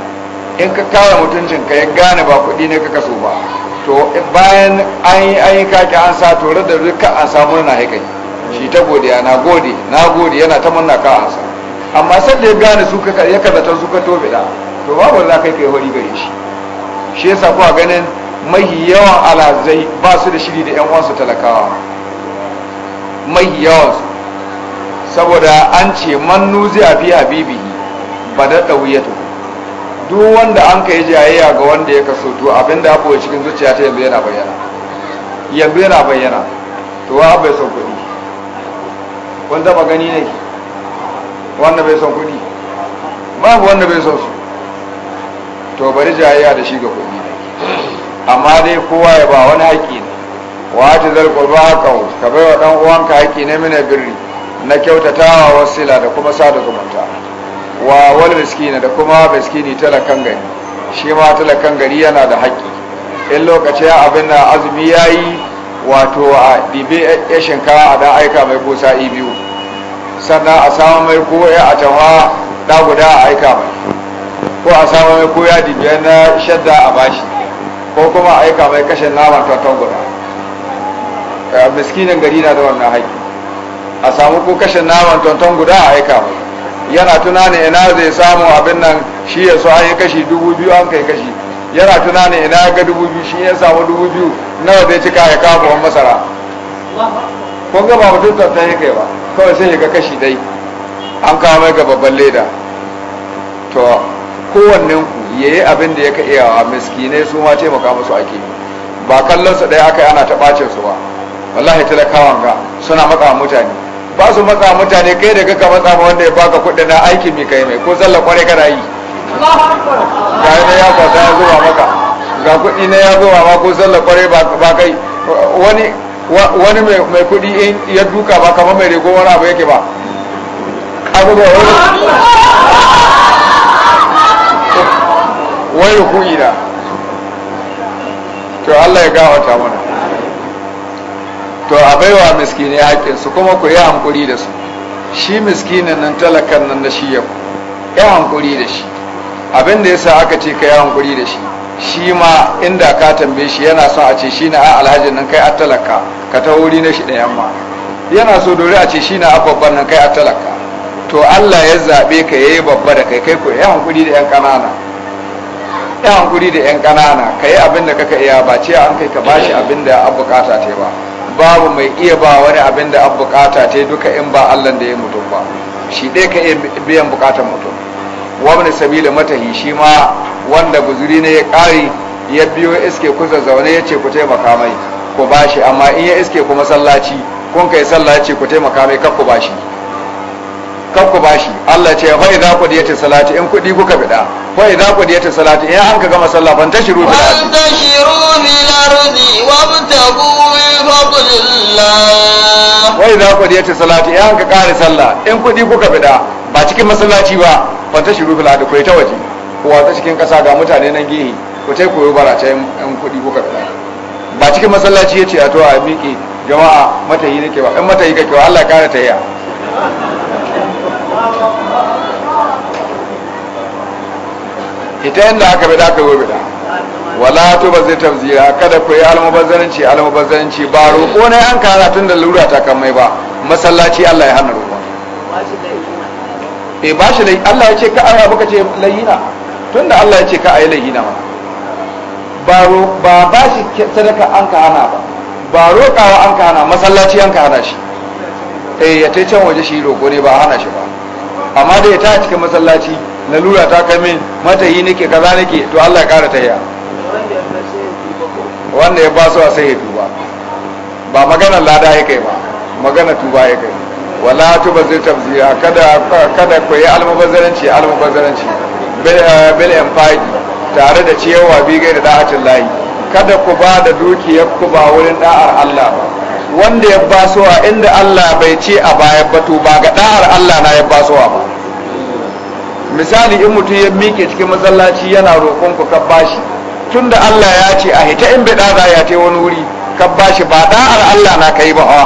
in ka kare mutuncin ka ya gane ba kuɗi ne ka kaso ba to bayan an yi an yi kaki an sa to da duka an samu na haikai shi ta godiya na gode na gode yana ta manna ka an sa amma sai da ya gane su ka ya karata su ka tobe da to babu za kai kai hori gare shi shi yasa kuwa ganin mahi yawan alazai ba su da shiri da 'yan uwansu talakawa mahi su. saboda an ce mannu zai a fi habibi ba da ɗauyatu duk wanda an ka yi jayayya ga wanda ya kaso to abin da abuwa cikin zuciya ta yanzu yana bayyana yanzu yana bayyana to wa bai son kuɗi kun ba gani ne wanda bai son kuɗi babu wanda bai son su to bari jayayya da shi ga kuɗi ne amma dai kowa ya ba wani haƙƙi ne wa ta zarko ba haka ka bai wa ɗan uwanka haƙƙi ne mina birri na kyautatawa wasila da kuma sada zumunta wa wal da kuma biskini talakan gari shi ma talakan gari yana da haƙƙi in lokacin abin na azumi ya yi wato a dibe ya shinkawa a ɗan aika mai kusa i biyu sannan a samu mai ko ya a canwa ɗa guda a aika mai ko a samu mai ko ya dibe na shadda a bashi ko kuma aika mai kashin naman tattan guda eh, miskinin gari na da wannan haiki a samu ko kashin naman tattan guda a aika mai yana tunanin ina zai samu abin nan shi ya so an yi kashi dubu biyu an kai kashi yana tunanin ina ga dubu biyu shi ya samu dubu biyu nawa zai cika ya kawo kuma masara kun ga ba mutum tattan ya kai ba kawai sai ya ga kashi dai an kawo mai ga babban leda to kowannen ya yi abin da ya ka wa miskinai su ma taimaka musu ake ba kallon su ɗaya aka ana ta su ba wallahi talakawan ga suna matsa mutane ba su matsa mutane kai da kaka matsa ma wanda ya baka kuɗi na aiki mai kai mai ko zalla kwarai kana yi ga na ya kwata ya zuba maka ga kuɗi na ya zuba ma ko zalla kwarai ba kai wani wani mai kuɗi in ya duka ba kamar mai rego wani abu yake ba abubuwa wani wai ruku'i na to Allah ya gawata mana to a baiwa miskini haƙƙin su kuma ku yi hankuri da su shi miskinin nan talakan nan da shi ya yi hankuri da shi abin da yasa aka ce ka yi hankuri da shi shi ma inda ka tambaye shi yana son a ce shi na alhajin nan kai a talaka ka ta wuri na shi da yamma yana so dore a ce shi na babban nan kai a talaka to Allah ya zaɓe ka yayi babba da kai kai ku yi hankuri da yan ƙanana ya hankuri da 'yan kanana ka yi abin da kaka iya ba ce an kai ka ba shi abin da an kata ta ba babu mai iya ba wani abin da an bukata ta duka in ba allon da ya mutum ba shi ɗaya ka iya biyan bukatar mutum wani sabila matahi shi ma wanda guzuri ne ya ƙari ya biyo iske kusa zaune ya ce ku taimaka mai ku ba shi, amma in ya iske kuma sallaci kun kai sallah ya ku taimaka mai kar ku shi. kan ku bashi Allah ce fa idza qudiyati salati in kudi kuka bida fa idza qudiyati salati in an ka gama sallah fa tashiru bil ardi tashiru bil ardi wabtagu min fadlillah fa idza qudiyati salati in an ka kare sallah in kudi kuka bida ba cikin masallaci ba tashiru bil ardi ku ta waje ku wata cikin kasa ga mutane nan gihi ku tai koyo ta in kudi kuka bida ba cikin masallaci yace a to a miƙe jama'a matayi nake ba in matayi kake wa Allah ya kare tahiya ita yadda aka bi da aka gobe da wala to ba zai tamzira kada ku yi almubazzaranci almubazzaranci ba roƙo ne an kara tun da lura ta kan mai ba masallaci Allah ya hana roƙo eh ba shi da Allah ya ce ka aya baka ce layina tun da Allah ya ce ka ayi layina ma ba ba ba shi sadaka an ka hana ba ba roƙawa an ka hana masallaci an ka hana shi eh ya ta can waje shi roƙo ne ba hana shi ba amma da ta cikin masallaci na lura ta kai min matahi nake kaza nake to Allah ya kara tahiya wanda ya ba su a sai ya tuba ba maganar lada ya kai ba magana tuba ya kai wala tuba zai tabziya kada kada ku yi almubazzaranci almubazzaranci bil empire eh, tare da ciyawa bigai da da'atin layi kada ku ba da dukiyar ku ba wurin da'ar Allah ba wanda ya basuwa inda Allah bai ce a baya ba to ba ga da'ar Allah na ya basuwa ba misali in mutum ya mike cikin masallaci yana roƙon ku ka bashi tunda Allah ya ce a hita in bai za ya ce wani wuri ka bashi ba da'ar Allah na kai ba a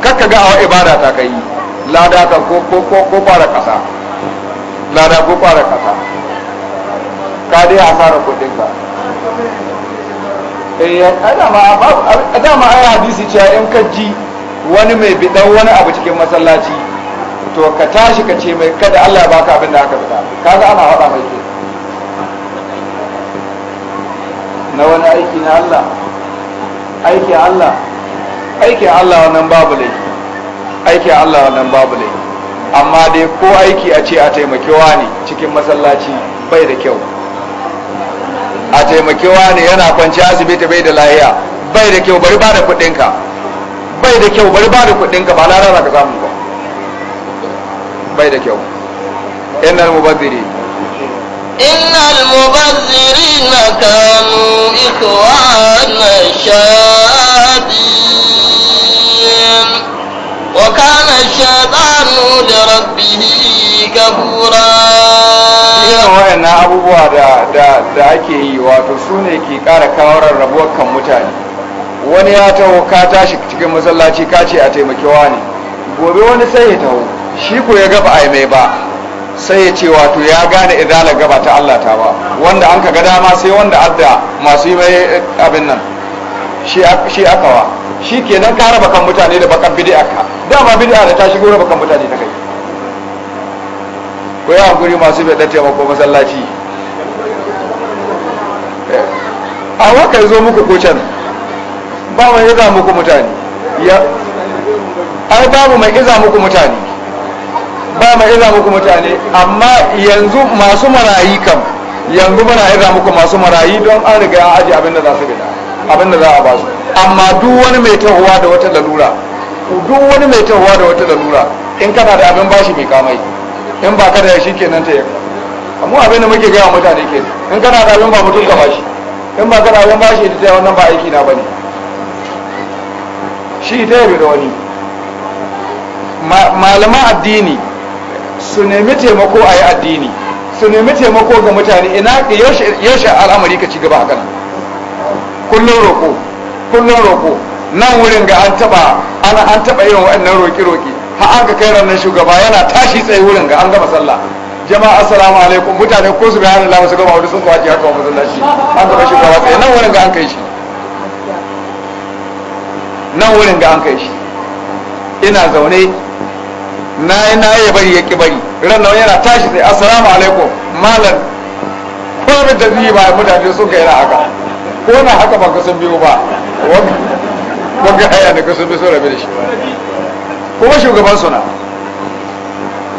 kakka ga awa ibada ta kai lada ta ko ko ko ko fara kasa lada ko fara kasa ka dai kuɗinka Eh, a dama yi hadisi cewa in ka ji wani mai bidan wani abu cikin masallaci to ka tashi ka ce mai kada Allah ya baka abin da aka bida kaga ana hada mai ke na wani aiki na Allah aikin Allah aikin Allah wannan babu laifi aikin Allah wannan babu laifi amma dai ko aiki a ce a taimakewa ne cikin masallaci bai da kyau a taimakewa ne yana kwanci asibiti bai da lahiya bai da kyau bari ba da kudinka bai da kyau bari ba da kudinka ba lara ka samu ba bai da kyau innal mubazziri innal mubazzirina kanu ikhwana shadin وكان الشيطان لربه كفورا irin waɗannan abubuwa da ake yi wato su ne ke ƙara kawarar rabuwar kan mutane wani ya taho ka tashi cikin masallaci ka ce a taimakewa ne gobe wani sai ya taho shi ko ya gaba ai mai ba sai ya ce wato ya gane idanar gaba ta Allah ta ba wanda an ka ga dama sai wanda adda masu yi mai eh, abin nan shi akawa shi kenan ka raba kan mutane da bakan bid'a ka dama bid'a da ta shigo raba kan mutane ta kai ko ya hankuri masu bai taimako masallaci eh. a waka zo muku ko can ba mai iza muku mutane ya ai babu mai iza muku mutane ba mai iza muku mutane amma yanzu masu marayi kam yanzu mana iza muku masu marayi don an riga an aji abinda za su gida abinda za a ba su amma duk wani mai tahowa da wata lalura duk wani mai tahowa da wata lalura in kana da abin bashi mai kamai in ba kada shi nan ta yanka amma abin da muke gaya mutane ke in kana da abin ba mutum ka bashi in ba kada abin bashi da ta wannan ba aiki na bane shi ta yi da wani malaman addini su nemi taimako a yi addini su nemi taimako ga mutane ina yaushe al'amari ka ci gaba a kana kullum roko kullum roko nan wurin ga an taba ana an taba yin waɗannan roki roki har an ka kai ranar shugaba yana tashi tsaye wurin ga an gama sallah jama'a assalamu alaikum mutane ko su bayanin lamu su gama wani sun kawace haka wa masallaci an gama shugaba tsaye nan wurin ga an kai shi nan wurin ga an kai shi ina zaune na yi na ya bari ya ki bari ranar yana tashi tsaye assalamu alaikum malam ko da zai ba mutane sun kai na haka ko na haka ba ka san biyu ba wanda haya da kasar bisu saurabe da shi kuma shugaban suna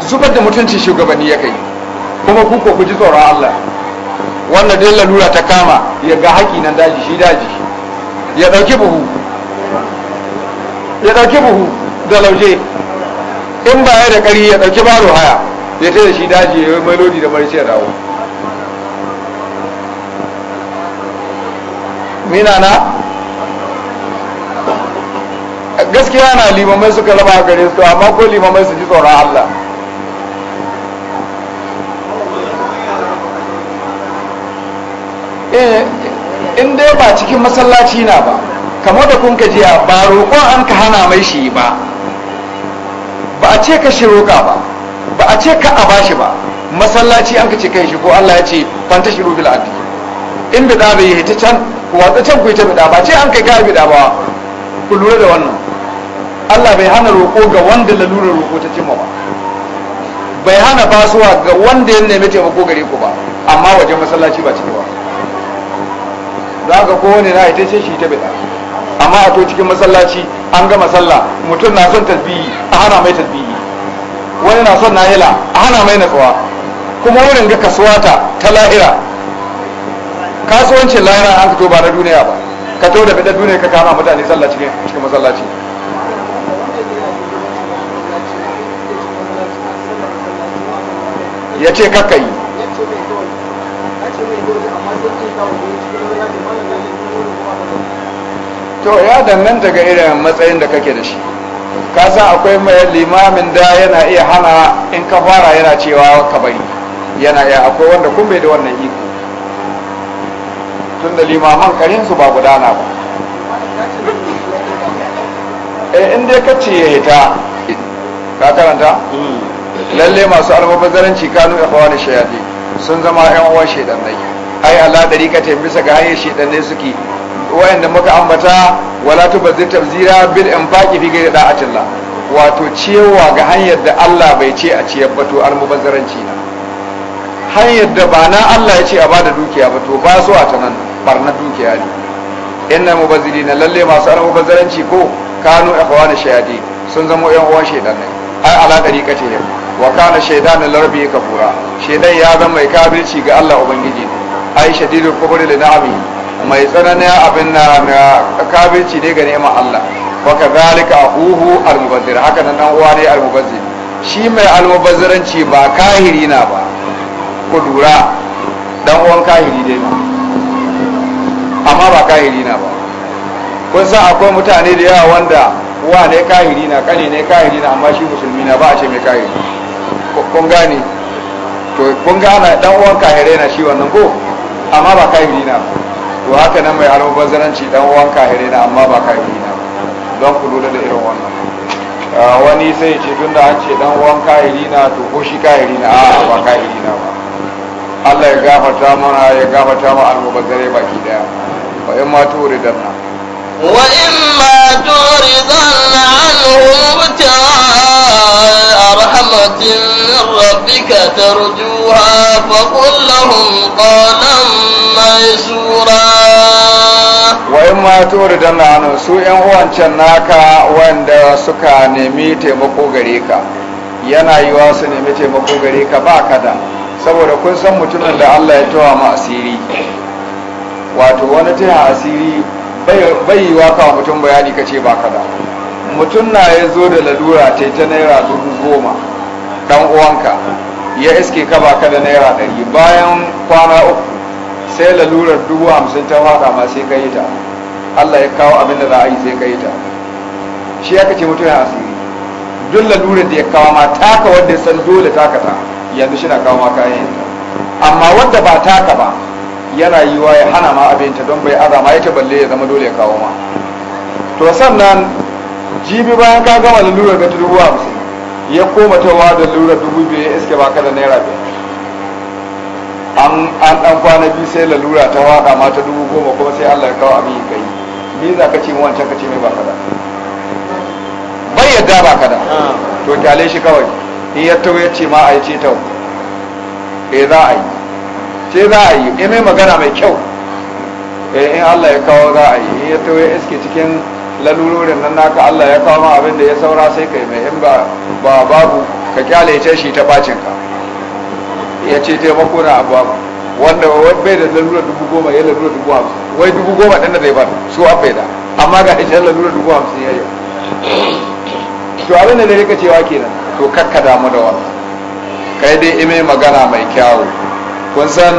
zubar da mutuncin shugabanni ya kai kuma kuka ku ji tsoron Allah wanda dai lalura ta kama ya ga haƙi nan daji shi daji ya ɗauki buhu ya ɗauki buhu da lauje in ba ya da ƙari ya ɗauki baro haya ya ta da shi daji ya yi mailodi da marci ya dawo mina na gaskiya na limamai suka raba gare su amma ko limamai su ji tsoron Allah eh, in dai ba cikin masallaci na ba kamar da kun jiya ba roƙon an ka hana mai shi ba ba a ce ka shi roƙa ba ba a ce ka a bashi ba masallaci an ka ce kai shi ko Allah ya ce fanta shi rubi la'adu. in bida bai yi ta can kuwa ta can ku yi ta bida ba ce an kai ka bida ba ku lura da wannan Allah bai hana roƙo ga wanda lalurar roƙo ta cimma ba bai hana basuwa ga wanda ya nemi taimako gare ku ba amma wajen masallaci ba cikin ba za ka kowane na ita ce shi ta bida amma a to cikin masallaci an gama sallah mutum na son tasbihi a hana mai tasbihi wani na son nahila a hana mai natsuwa kuma wurin ga kasuwa ta ta lahira kasuwancin lahira an fito ba na duniya ba ka to da bidan duniya ka kama mutane sallah cikin masallaci ya ce kaka yi to ya danganta ga irin matsayin da kake da shi ka sa akwai mai limamin da yana iya hana in ka fara yana cewa ka bari yana iya akwai wanda kun bai da wannan iko tun da limaman karinsu ba gudana ba eh, in dai ka ce ya hita ka karanta? Mm. lalle masu almubazzaranci kanu ikhwana shayati sun zama yan uwan shaydanai ai ala dariqatin bisa ga hanyar ne suke wayanda muka ambata wala bazir tabzira bil infaqi fi ghayri da'atillah wato cewa ga hanyar da Allah bai ce a ciyar ba to almabazaranci na hanyar da ba na Allah ya ce a bada dukiya ba to ba su a ta nan barnar dukiya ne inna mubazirina lalle masu almabazaranci ko kanu ikhwana shayati sun zama yan uwan shaydanai ai ala dariqatin wa kana shaytanu larbi kafura Shaidan ya zama mai kafirci ga Allah ubangiji ai shadidul kufri li na'ami mai tsananin abin na kafirci ne ga neman Allah wa kadhalika ahuhu al-mubazzir haka nan dan uwa ne al-mubazzir shi mai al-mubazziranci ba kahiri na ba ku lura dan uwan kahiri dai amma ba kahiri na ba kun san akwai mutane da yawa wanda wa ne kahiri na kane ne kahiri na amma shi musulmi na ba a ce mai kahiri kun gane to kun gane dan uwan kahire na shi wannan ko amma ba kahiri na to haka nan mai bazaranci dan uwan kahire na amma ba kahiri na don ku lura da irin wannan ah, wani sai ce tun da an ce dan uwan kahiri na to ko shi kahiri na a'a ba kahiri na ba Allah ya gafarta mana ya gafarta ma bazare baki daya fa in ma tuwuri danna Wa'imma ya tori zan hanyar wuta a rahmatin Rabi'u, ta raju haɓaka kulafin ƙananan sura. Wa'imma ya tori daga hannu su ƴan naka wanda suka nemi taimako gare ka, yana yi wa su nemi taimako gare ka ba kaɗan, saboda kun san mutumin da Allah ya tawa mu asiri. Wato wani ce a asiri. bai yi waka mutum bayani ka ce ba da. mutum na ya zo da lalura ta ta naira dubu goma dan uwanka ya iske ka ba da naira ɗari bayan kwana uku sai lalurar dubu hamsin ta fada ma sai ka yi ta allah ya kawo abin da za a yi sai ka yi ta shi ya kace mutum ya asiri duk lalurar da ya kawo ma taka wanda ya san dole taka ta yanzu shi na kawo ma kayan amma wanda ba taka ba yana yi wa ya hana ma abinta don bai azama yake balle ya zama dole ya kawo ma to sannan jibi bayan ka gama lalura ga dubu hamsin ya koma wa da lalurar dubu biyu ya iske baka da naira biyu an dan kwana biyu sai lalura ta waka ma ta dubu goma kuma sai allah ya kawo abin kai ni za ka ce wancan ka ce mai baka da bai yadda baka da ah. to kyale shi kawai in ya tawo ya ce ma a yi ce ta eh za a yi ce za a yi ime magana mai kyau eh, in Allah ya kawo za a yi in ya tawaye iske cikin lalurorin nan naka Allah ya kawo ma abin da ya saura sai ka yi. mai in ba babu ka kyale ce shi ta bacin ka ya ce taimako na abu wanda bai da lalura dubu goma ya lalurar dubu hamsin wai dubu goma ɗan da zai ba su a bai da amma ga ishe lalurar dubu hamsin ya yi to abin da zai rika cewa kenan to kakka damu da wani kai dai ime magana mai kyawu kun san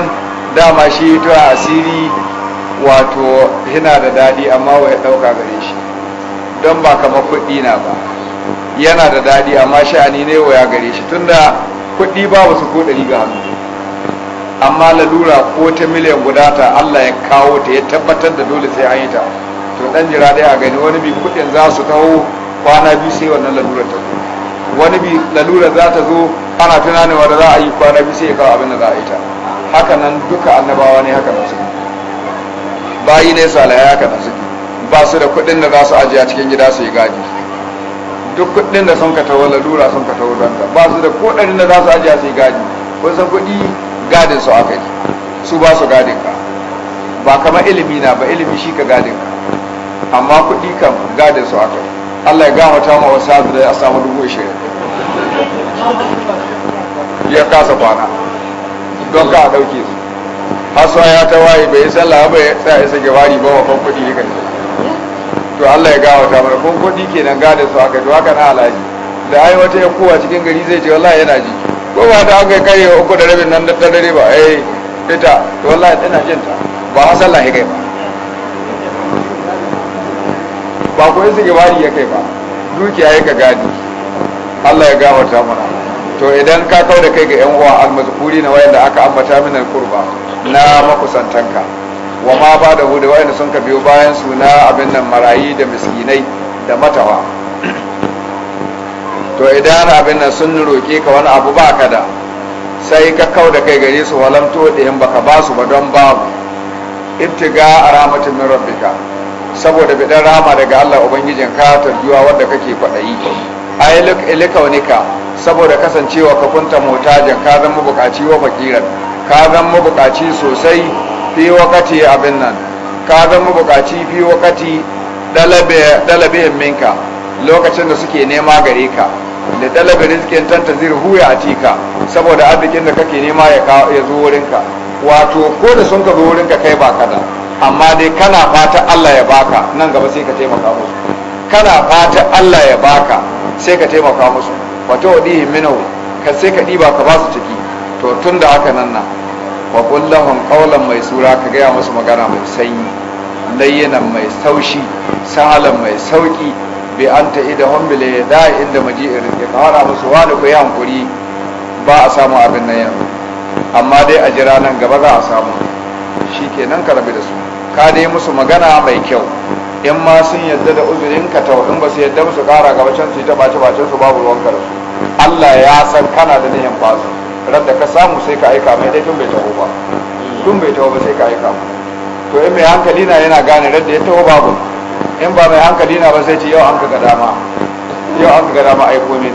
dama shi to asiri wato yana da daɗi amma wa ya ɗauka gare shi don ba kama kuɗi na ba yana da daɗi amma sha'ani ne wa ya gare shi tunda kuɗi babu su ko ɗari ga hannu amma lalura ko ta miliyan guda ta Allah ya kawo ta ya tabbatar da dole sai an yi ta to ɗan jira dai a gani wani bi kuɗin za su kawo kwana biyu sai wannan lalura ta kuma wani bi lalura za ta zo ana tunanin wanda za a yi kwana bi sai ya kawo abin da za a yi ta haka nan duka annabawa ne haka nan suke bayi ne salaya haka nan suke ba su da kuɗin da za su ajiye a cikin gida su yi gadi duk kuɗin da sun ka tawo lalura sun ka tawo danta ba su da kuɗin da za su ajiye su yi gadi ko san kuɗi gadin su aka yi su ba su gadin ka ba kamar ilimi na ba ilimi shi ka gadin ka amma kuɗi kan gadin su aka yi Allah ya ta ma wasu hazu da ya samu dubu ishirin ya kasa kwana don ka a ɗauke su hasuwa ya ta waye bai yi sallah ba ya tsaya ya sake wari ba wafan kuɗi ya kan to Allah ya ta ma kun kuɗi kenan gada su aka duwaka to haka na alaji da ai wata ya kowa cikin gari zai ce wallahi yana ji ko ba ta aka kare uku da rabin nan da ta dare ba eh ita to wallahi tana jin ta ba hasallah ya kai ba ba ko su gabari ya kai ba dukiya ya ka gadi Allah ya gafarta mana to idan ka kawo da kai ga yan uwa almazkuri na wayanda aka ambata min alqurba na makusantanka wa ma ba da hu da wayanda sun ka biyo bayan su na abin nan marayi da miskinai da matawa to idan abin nan sun roke ka wani abu ba ka da sai ka kawo da kai gare su walamto da yan baka ba su ba don babu ibtiga a rahmatin min rabbika saboda bidan rama daga Allah ubangijin ka tarjuwa wanda kake yi. ai ilikaunika saboda kasancewa ka kunta motajin ka zama mabukaci wa fakiran ka zama mabukaci sosai fi wakati abin nan ka zama mabukaci fi wakati dalabe minka lokacin da suke nema gare ka da dalabe rizkin tantazir huya a tika saboda arzikin da kake nema ya zo wurinka wato ko da sun ka zo wurinka kai ba kada amma dai kana fata Allah ya baka nan gaba sai ka taimaka musu kana fata Allah ya baka sai ka taimaka musu wato wadi minhu ka sai ka diba ka ba su ciki to tun da haka nan nan wa qul lahum mai ka gaya musu magana mai sanyi layyinan mai saushi, sahalan mai sauki bi anta hombile bil yada inda maji'ir ya kawara musu wani ku yi hankuri ba a samu abin nan yanzu amma dai a jira nan gaba za a samu shi kenan ka rabu da su ka dai musu magana mai kyau in ma sun yadda da uzurin ka tau in ba su yadda musu kara gaba can su yi ta bace bace su babu ruwan da su Allah ya san kana da niyan basu ran da ka samu sai ka aika mai dai tun bai taho ba tun bai taho ba sai ka aika to in mai hankali na yana gane ran da ya taho babu in ba mai hankali na ba sai ce yau an ka dama yau an ka dama aiko min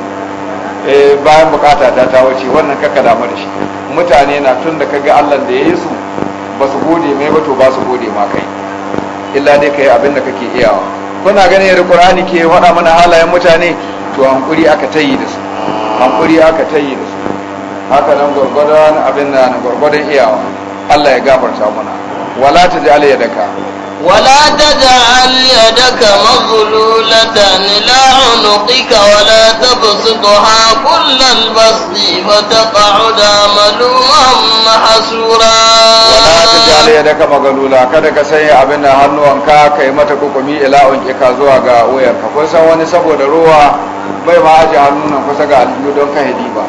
eh, bayan bukata ta ta wuce wannan kakka damu da shi mutane na tun da kaga Allah da ya yi su ba su gode mai ba to ba su gode ma kai illa dai kai abin da kake iyawa kuna ganin yadda qur'ani ke faɗa mana halayen mutane to hankuri aka tayi da su hankuri aka tayi da su haka nan gwargwadon abin nan gwargwadon iyawa Allah ya gafarta mana wala ta ji daka. ولا تجعل يدك مغلولة إلى عنقك ولا تبسطها كل البسط فتقعد ملوما محسورا ولا تجعل يدك مغلولة kada ka sanya abin da hannuwanka ka kai mata kukumi ila unjika zuwa ga wayarka kun san wani saboda ruwa bai ma aje hannun kusa ga aljihu don ka hidi ba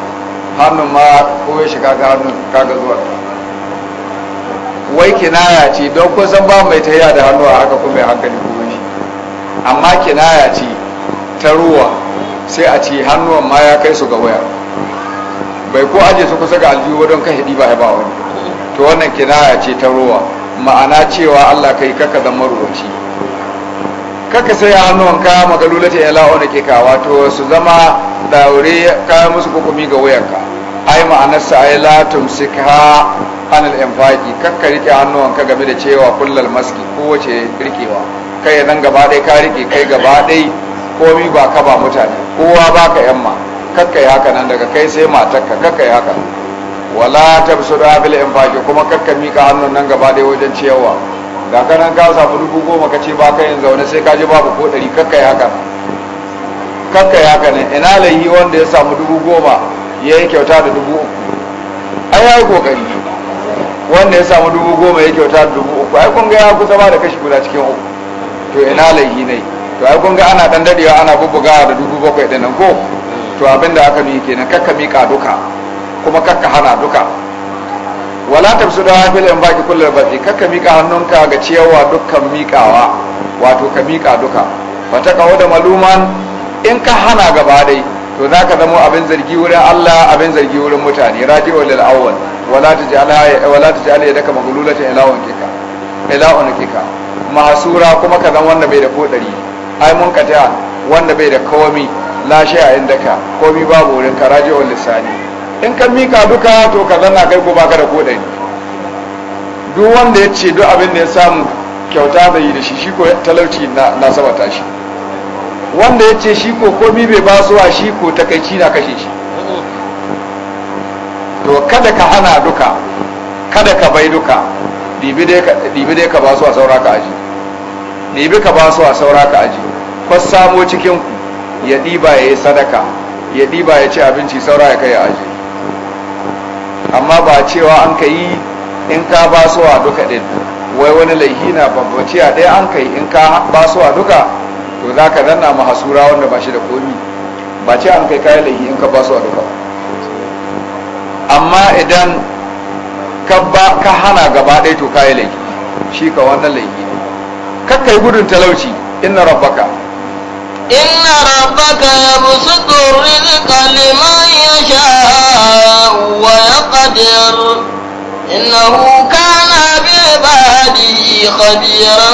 hannun ma ko ya shiga ga hannun kaga zuwa wai kinaya ce don san ba mai tahiya da hannu a haka kuma hankali kuma shi amma kinaya ce ta ruwa sai a ce hannuwan ma ya kai su ga waya bai ko aje su kusa ga aljihu ba don ka ba ya ba wani to wannan kinaya ce ta ruwa ma'ana cewa Allah kai kaka zama ruwaci kaka sai hannuwan ka magalulata ya la'o na kekawa to su zama daure kaya musu hukumi ga wayanka ai ma'anarsa ai la tumsikha anil infaqi kakka rike ka game da cewa kullal maski ko wace rikewa kai nan gaba dai ka rike kai gaba dai komi ba ka ba mutane kowa ba ka yamma kakka haka nan daga kai sai matarka kakka yi haka wala tabsuda bil infaqi kuma kakka mika hannun nan gaba dai wajen Da ka nan ka samu dubu goma ka ce ba ka yin zaune sai ka ji babu ko ɗari kakka yi haka kakka yi haka ne ina layi wanda ya samu dubu goma ya yi kyauta da dubu uku ai ya yi kokari wanda ya samu dubu goma ya kyauta da dubu uku ai kun ga ya kusa ba da kashi guda cikin uku to ina laihi ne to ai kun ga ana dan dadewa ana bubbugawa da dubu bakwai din nan ko to abin da aka miƙe nan kakka miƙa duka kuma kakka hana duka wala tabsu da hafil in baki kullum ba kakka miƙa hannunka ga ciyawa dukkan miƙawa wato ka miƙa duka wata kawo da maluman in ka hana gaba dai to za ka zama abin zargi wurin Allah abin zargi wurin mutane raji'u wa awwal wala ta ji taj'al daga maghlulatan ila wanka ila wanka kuma ka zama wanda bai da kodari ai mun kata wanda bai da komi la yin daka, komi babu wurin ka wa Lissani, in ka mika duka to ka zanna kai ko baka da kodari duk wanda ya ce duk abin da ya samu kyauta da yi da shi shi ko talauci na sabata shi wanda ya ce shi ko komi bai ba suwa shi ko takaici na kashe shi to kada ka hana duka kada ka bai duka ɗibi dai ka ba suwa saura ka aji ɗibi ka ba suwa saura ka aji kwas samo cikinku ya ɗiba ya yi sadaka ya ɗiba ya ci abinci saura ya kai aji amma ba cewa an ka yi in ka ba suwa duka ɗin wai wani laihina na babbaciya ɗaya an ka yi in ka ba suwa duka to za ka zanna ma hasura wanda ba shi da komi ba ce an kai kayan lahi in ka ba su a duka amma idan ka hana gaba ɗaya to kayan lahi shi ka wannan lahi ne kakka yi gudun talauci inna rabbaka inna rabbaka yabsutu kalimai ya sha wa yaqdir إنه كان بعباده خبيرا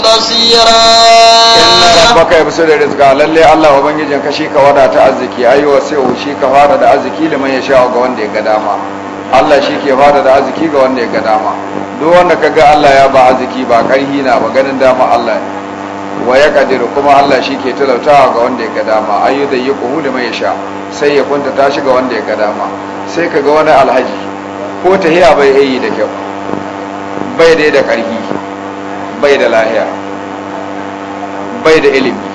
بصيرا إن ربك يبسل الرزق للي الله وبنجي كشيك ودا تعزكي أيوة سيو شيك فارد تعزكي لمن يشاء قوان دي قداما Allah shi ke fada da arziki ga wanda ya ga dama duk wanda ka ga Allah ya ba arziki ba karhi na ba ganin dama Allah wa ya kadiru kuma Allah shi ke talautawa ga wanda ya ga dama ayyu da yi ku da mai sha sai ya kunta tashi ga wanda ya ga dama sai ka ga wani alhaji ko ta hiya bai yi da kyau bai dai da ƙarfi bai da lahiya bai da ilimi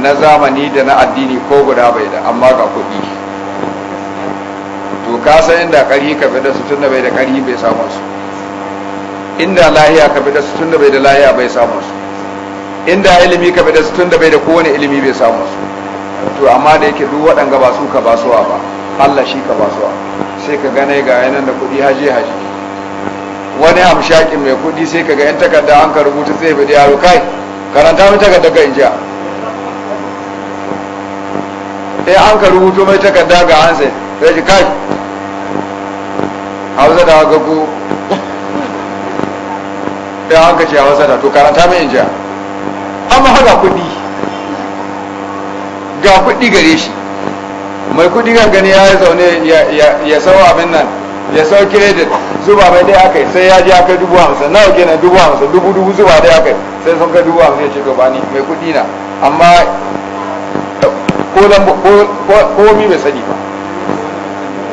na zamani da na addini ko guda bai da amma ga kuɗi to ka san inda ƙarfi ka fi da su tun da bai da ƙarfi bai samun su inda lahiya ka fi da su tun da bai da lahiya bai samun su inda ilimi ka fi da su tun da bai da kowane ilimi bai samun su to amma da yake duk waɗanga ba su ka basuwa ba Allah shi ka basuwa sai ka gane ga yanar da kuɗi haje haje wani hamshakin mai kuɗi sai ka ga yan takarda an ka rubuta zai bi a rukai karanta mai takarda ga injiya eh an ka rubuto mai takarda ga hansa sai ji kai a hausa da gago eh, an ka ce hausa da to karanta mai injiya amma haka kuɗi ga kuɗi gare shi mai kudi kan gani ya yi zaune ya sau abin nan ya sau kredit zuba mai dai aka yi sai ya ji aka dubu hamsin nawa kenan dubu hamsin dubu dubu zuba dai aka yi sai sun ka dubu hamsin ya ce to ni mai kudi na amma ko mi bai sani ba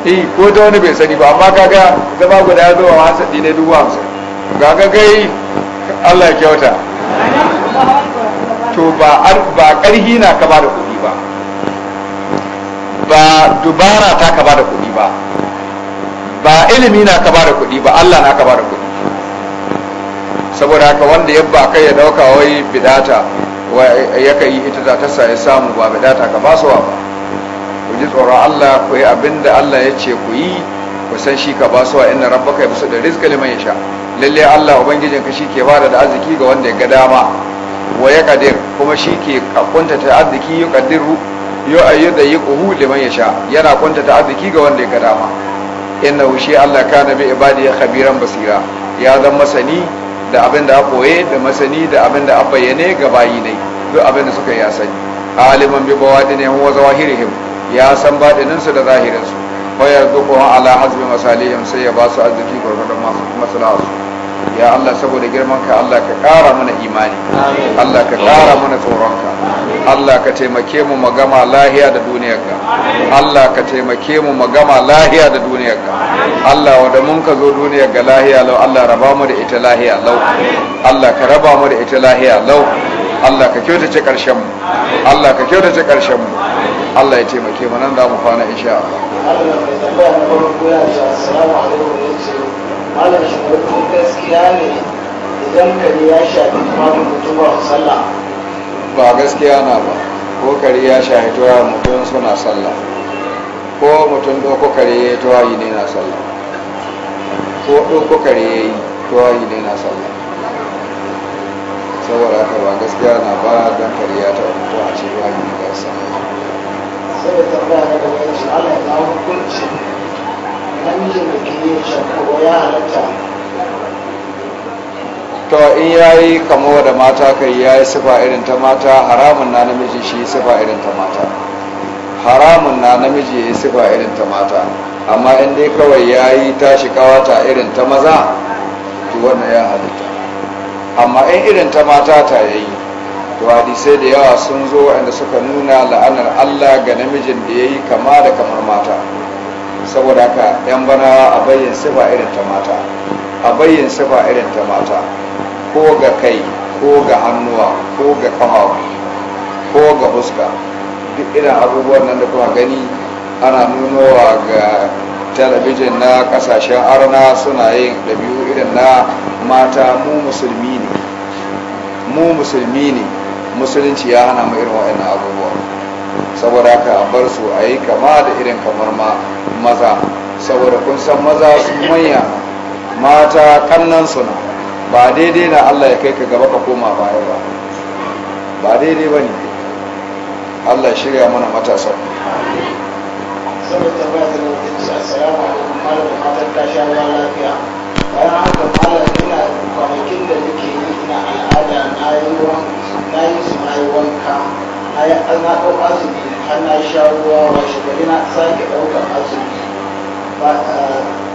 eh ko ta wani bai sani ba amma kaga zama guda ya zuba ma hansa ne dubu hamsin ga yi Allah ya kyauta to ba ƙarhi na ka ba da kuɗi ba ba dubara ta ka bada kuɗi ba ba ilimi na ka bada kuɗi ba Allah na ka bada kuɗi saboda haka wanda ya ba kai ya dauka wai bidata ya ka yi ita za ta sa ya samu ba bidata ka basuwa ba ku ji tsoron Allah ku yi abin da Allah ya ce ku yi ku san shi ka basuwa inna rabbaka ya bisa da rizqa liman yasha lalle Allah ubangijin ka shi ke bada da arziki ga wanda ya ga dama wa ya kadir kuma shi ke kakunta ta arziki ya kadiru yo ayyu da yi kuhu liman ya sha yana kwanta ta arziki ga wanda ya ga dama inna shi Allah ka kana bi ya khabiran basira ya zan masani da abin da koye da masani da abin da bayyane ga bayi ne duk abin da suka ya sani aliman bi ya huwa zawahirihim ya san badinin su da zahirin su wa yarzuquhum ala hasbi masalihim sai ya ba su arziki gurgurdan masu ya Allah saboda girman ka Allah ka ƙara mana imani Allah ka ƙara mana tsoronka Allah ka taimake mu magama lahiya da duniyar ka Allah ka taimake mu magama lahiya da duniyar ka Allah wanda mun ka zo duniyar ga lahiya lau Allah raba mu da ita lahiya lau Allah ka raba mu da ita lahiya lau Allah ka kyautace karshen mu Allah ka kyautace karshen mu Allah ya taimake mu nan da mu kwana insha Allah Allah ya tabbata mu ko ya assalamu alaikum malam shugaban gaskiya ne idan Kari ya shafi tumatin mutum ba sallah ba gaskiya na ba ko kari ya shafi tuwa mutum suna sallah ko mutum ɗauko kare ya yi tuwayi ne na sallah ko ɗauko kare ya yi tuwayi ne na sallah saboda haka ba gaskiya na ba don kari ya taɓa mutum a ce yi ne na sallah sai da tambaya daga da wani shi Allah hukunci namijin da ke ya halatta to in yayi kamo da mata kai yayi sifa irin ta mata haramun na namiji shi sifa irin ta mata haramun na namiji ya yi sifa irin ta mata amma in dai kawai yayi tashi kawata irin ta maza to wannan ya halitta amma in irin ta mata ta yayi to hadisai da yawa sun zo wanda suka nuna la'anar Allah ga namijin da yayi kama da kamar mata saboda haka yan bana a bayyan sifa irin ta mata a bayyan sifa irin ta mata ko ga kai ko ga hannuwa ko ga kafafu ko ga fuska duk irin abubuwan nan da kuma gani ana nunowa ga talabijin na kasashen arna suna yin ɗabi'u irin na mata mu musulmi ne mu musulmi ne musulunci ya hana mu irin wa'annan abubuwa saboda haka a bar su a yi kama da irin kamar ma maza saboda kun san maza sun manya mata kannan suna ba daidai na Allah ya kai ka gaba ka koma baya ba ba daidai ba ne Allah ya shirya mana matasa kwanakin da nake yi ina al'ada na yi wanka ai an na ɗau azumi an na sha ruwa wa shugari na sake ɗaukar azumi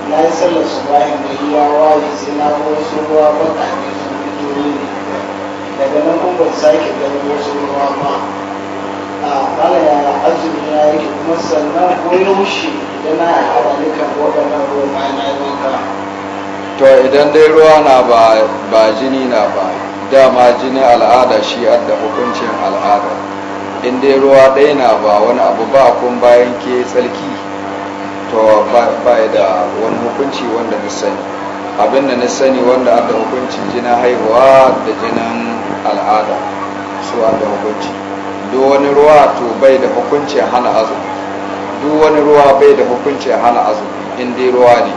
na yi sallar su bayan da wa waye sai na wasu ruwa ba, ne sun fito ne daga nan kuma sake ɗan wasu ruwa ba a bala ya azumi na yake kuma sannan ko yaushe idan na yi hawa dukan waɗannan ruwa ma na yi wanka. to idan dai ruwa na ba jini na ba dama jini al'ada shi adda hukuncin al'ada in dai ruwa ɗaya na ba wani abu ba kun bayan ke tsarki to ba da wani hukunci wanda na sani abin da na sani wanda da hukuncin jina haihuwa da jinan al'ada su da hukunci duk wani ruwa to bai da hukuncin hana azumi duk wani ruwa bai da hukuncin hana azumi in dai ruwa ne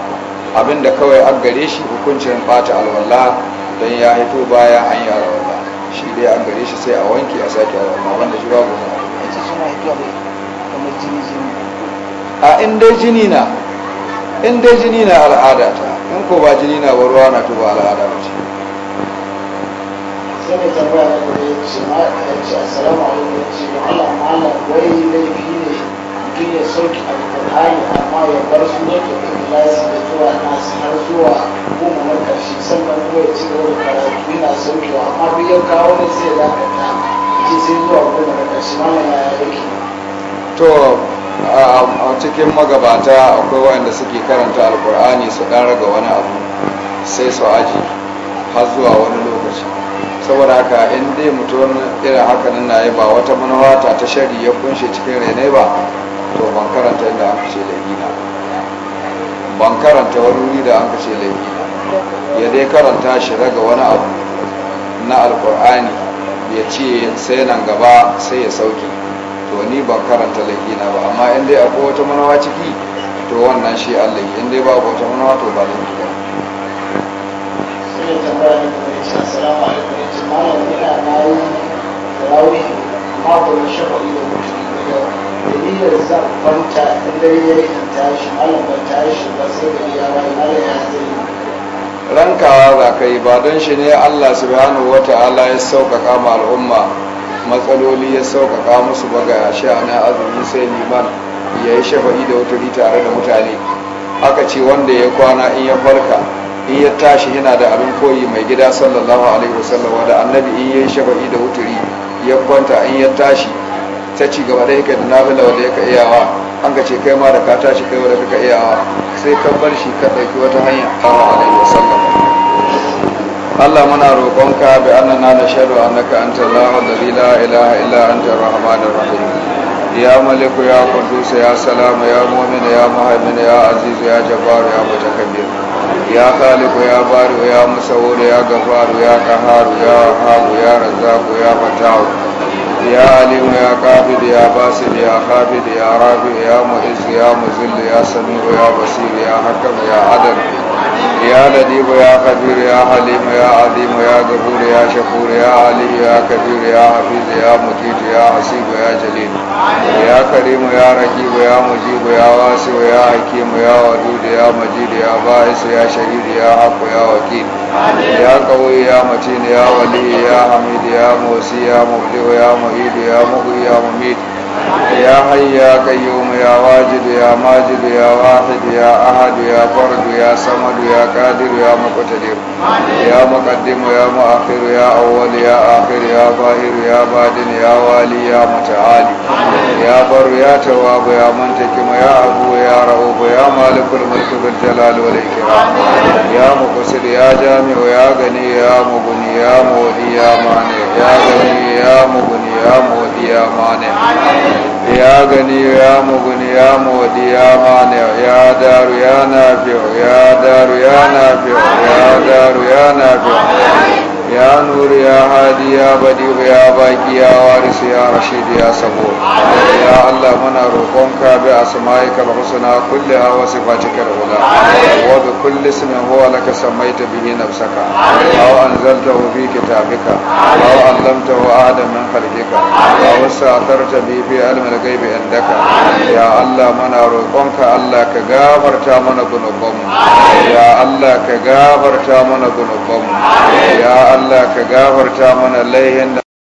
abin da kawai an gare shi hukuncin bata alwallah don ya hito baya an yi alwallah shi dai a gare shi sai a wanke a sake a amma wanda shi babu wani na a in dai jini na in dai jini na al'ada ta in ko ba jini na ba ruwa na to ba al'ada ba ce sai da tambaya da gaba ya ce ma ya ce assalamu alaikum ya ce Allah Allah wai laifi mutum ya sauke alƙur'ani amma ya bar su ne ta ikilasi da zuwa nasu har zuwa goma na ƙarshe sannan kuma ya ci gaba da karatu yana saukewa amma duk ya kawo ne sai ya dakata ce sai zuwa goma na ƙarshe mai ya yake. to a cikin magabata akwai waɗanda suke karanta alƙur'ani su ɗan raga wani abu sai su aji har zuwa wani lokaci saboda haka in dai mutum irin haka nan na yi ba wata manawa ta ta shari ya kunshe cikin rene ba to ban karanta inda an kashe laihina ban karanta wani da an kashe laihina ya dai karanta shi daga wani abu na alkur'ani ya ce sai nan gaba sai ya sauki to ni ban karanta laifina ba amma in dai akwai wata manawa ciki to wannan shi allah in dai ba wata manawa to ba laifi ba Thank you. da za kwanta in ya yi tashi malam ba tashi ba sai da ya wani ya zai rankawa za ka yi ba don shi ne allah subhanahu wa ta'ala ya sauƙaƙa ma al'umma matsaloli ya sauƙaƙa musu ya Sha ana azumi sai liman ya yi shafa'i da wuturi tare da mutane aka ce wanda ya kwana in ya farka in ya tashi yana da abin koyi mai gida sallallahu alaihi wasallam da annabi in ya yi shafa'i da wuturi ya kwanta in ya tashi ta ci gaba da yake da nafila wanda yake iyawa an ka ce kai ma da ka tashi kai wanda kaka iyawa sai ka bar shi ka ɗauki wata hanya sallallahu alaihi wasallam Allah muna roƙonka bi annana nashhadu annaka anta Allahu la ilaha illa anta ar rahim ya maliku ya qudus ya salam ya mu'min ya muhaimin ya aziz ya jabbar ya mutakabbir Ya خالق ya bari ya musawwir ya ghafar ya qahhar ya وهاب ya razzaq ya fatah يا عليم يا قابل يا باسل يا خافد يا رافع يا معز يا مذل يا سميع يا بصير يا حكم يا عدل يا لطيف يا خبير يا حليم يا عظيم يا غفور يا شكور يا علي يا كبير يا حفيظ يا مجيد يا حسيب يا جليل يا كريم يا رقيب يا مجيب يا واسع يا حكيم يا ودود يا مجيد يا باعث يا شهيد يا حق يا وكيل يا قوي يا متين يا ولي يا حميد يا موسي يا مبدئ يا معيد يا مغي يا مميت يا حي يا قيوم يا واجد يا ماجد يا واحد يا أحد يا فرد يا صمد يا قادر يا مقتدر يا مقدم يا مؤخر يا أول يا آخر يا ظاهر يا باطن يا والي يا متعالي يا بر يا تواب يا منتكم يا أبو يا رؤوف يا مالك الملك بالجلال والإكرام يا مقصد يا جامع يا غني يا مغني يا مودي يا مانع يا غني يا مغني يا مودي يا مانع ya gani ya muguni ya mawadi ya mani ya daru ya nafiyo ya يا نور يا هادي يا بديع يا باقي يا وارث يا رشيد يا صبور يا الله منا روقونك بأسمائك الحسنى كلها وصفاتك العلى وبكل اسم هو لك سميت به نفسك أو أنزلته في كتابك أو علمته أحدا من خلقك أو استأثرت به في علم الغيب عندك يا الله منا روقونك الله كغافر تامنا ذنوبنا يا الله كغافر تامنا ذنوبنا يا الله Allah ka gafarta mana laihin da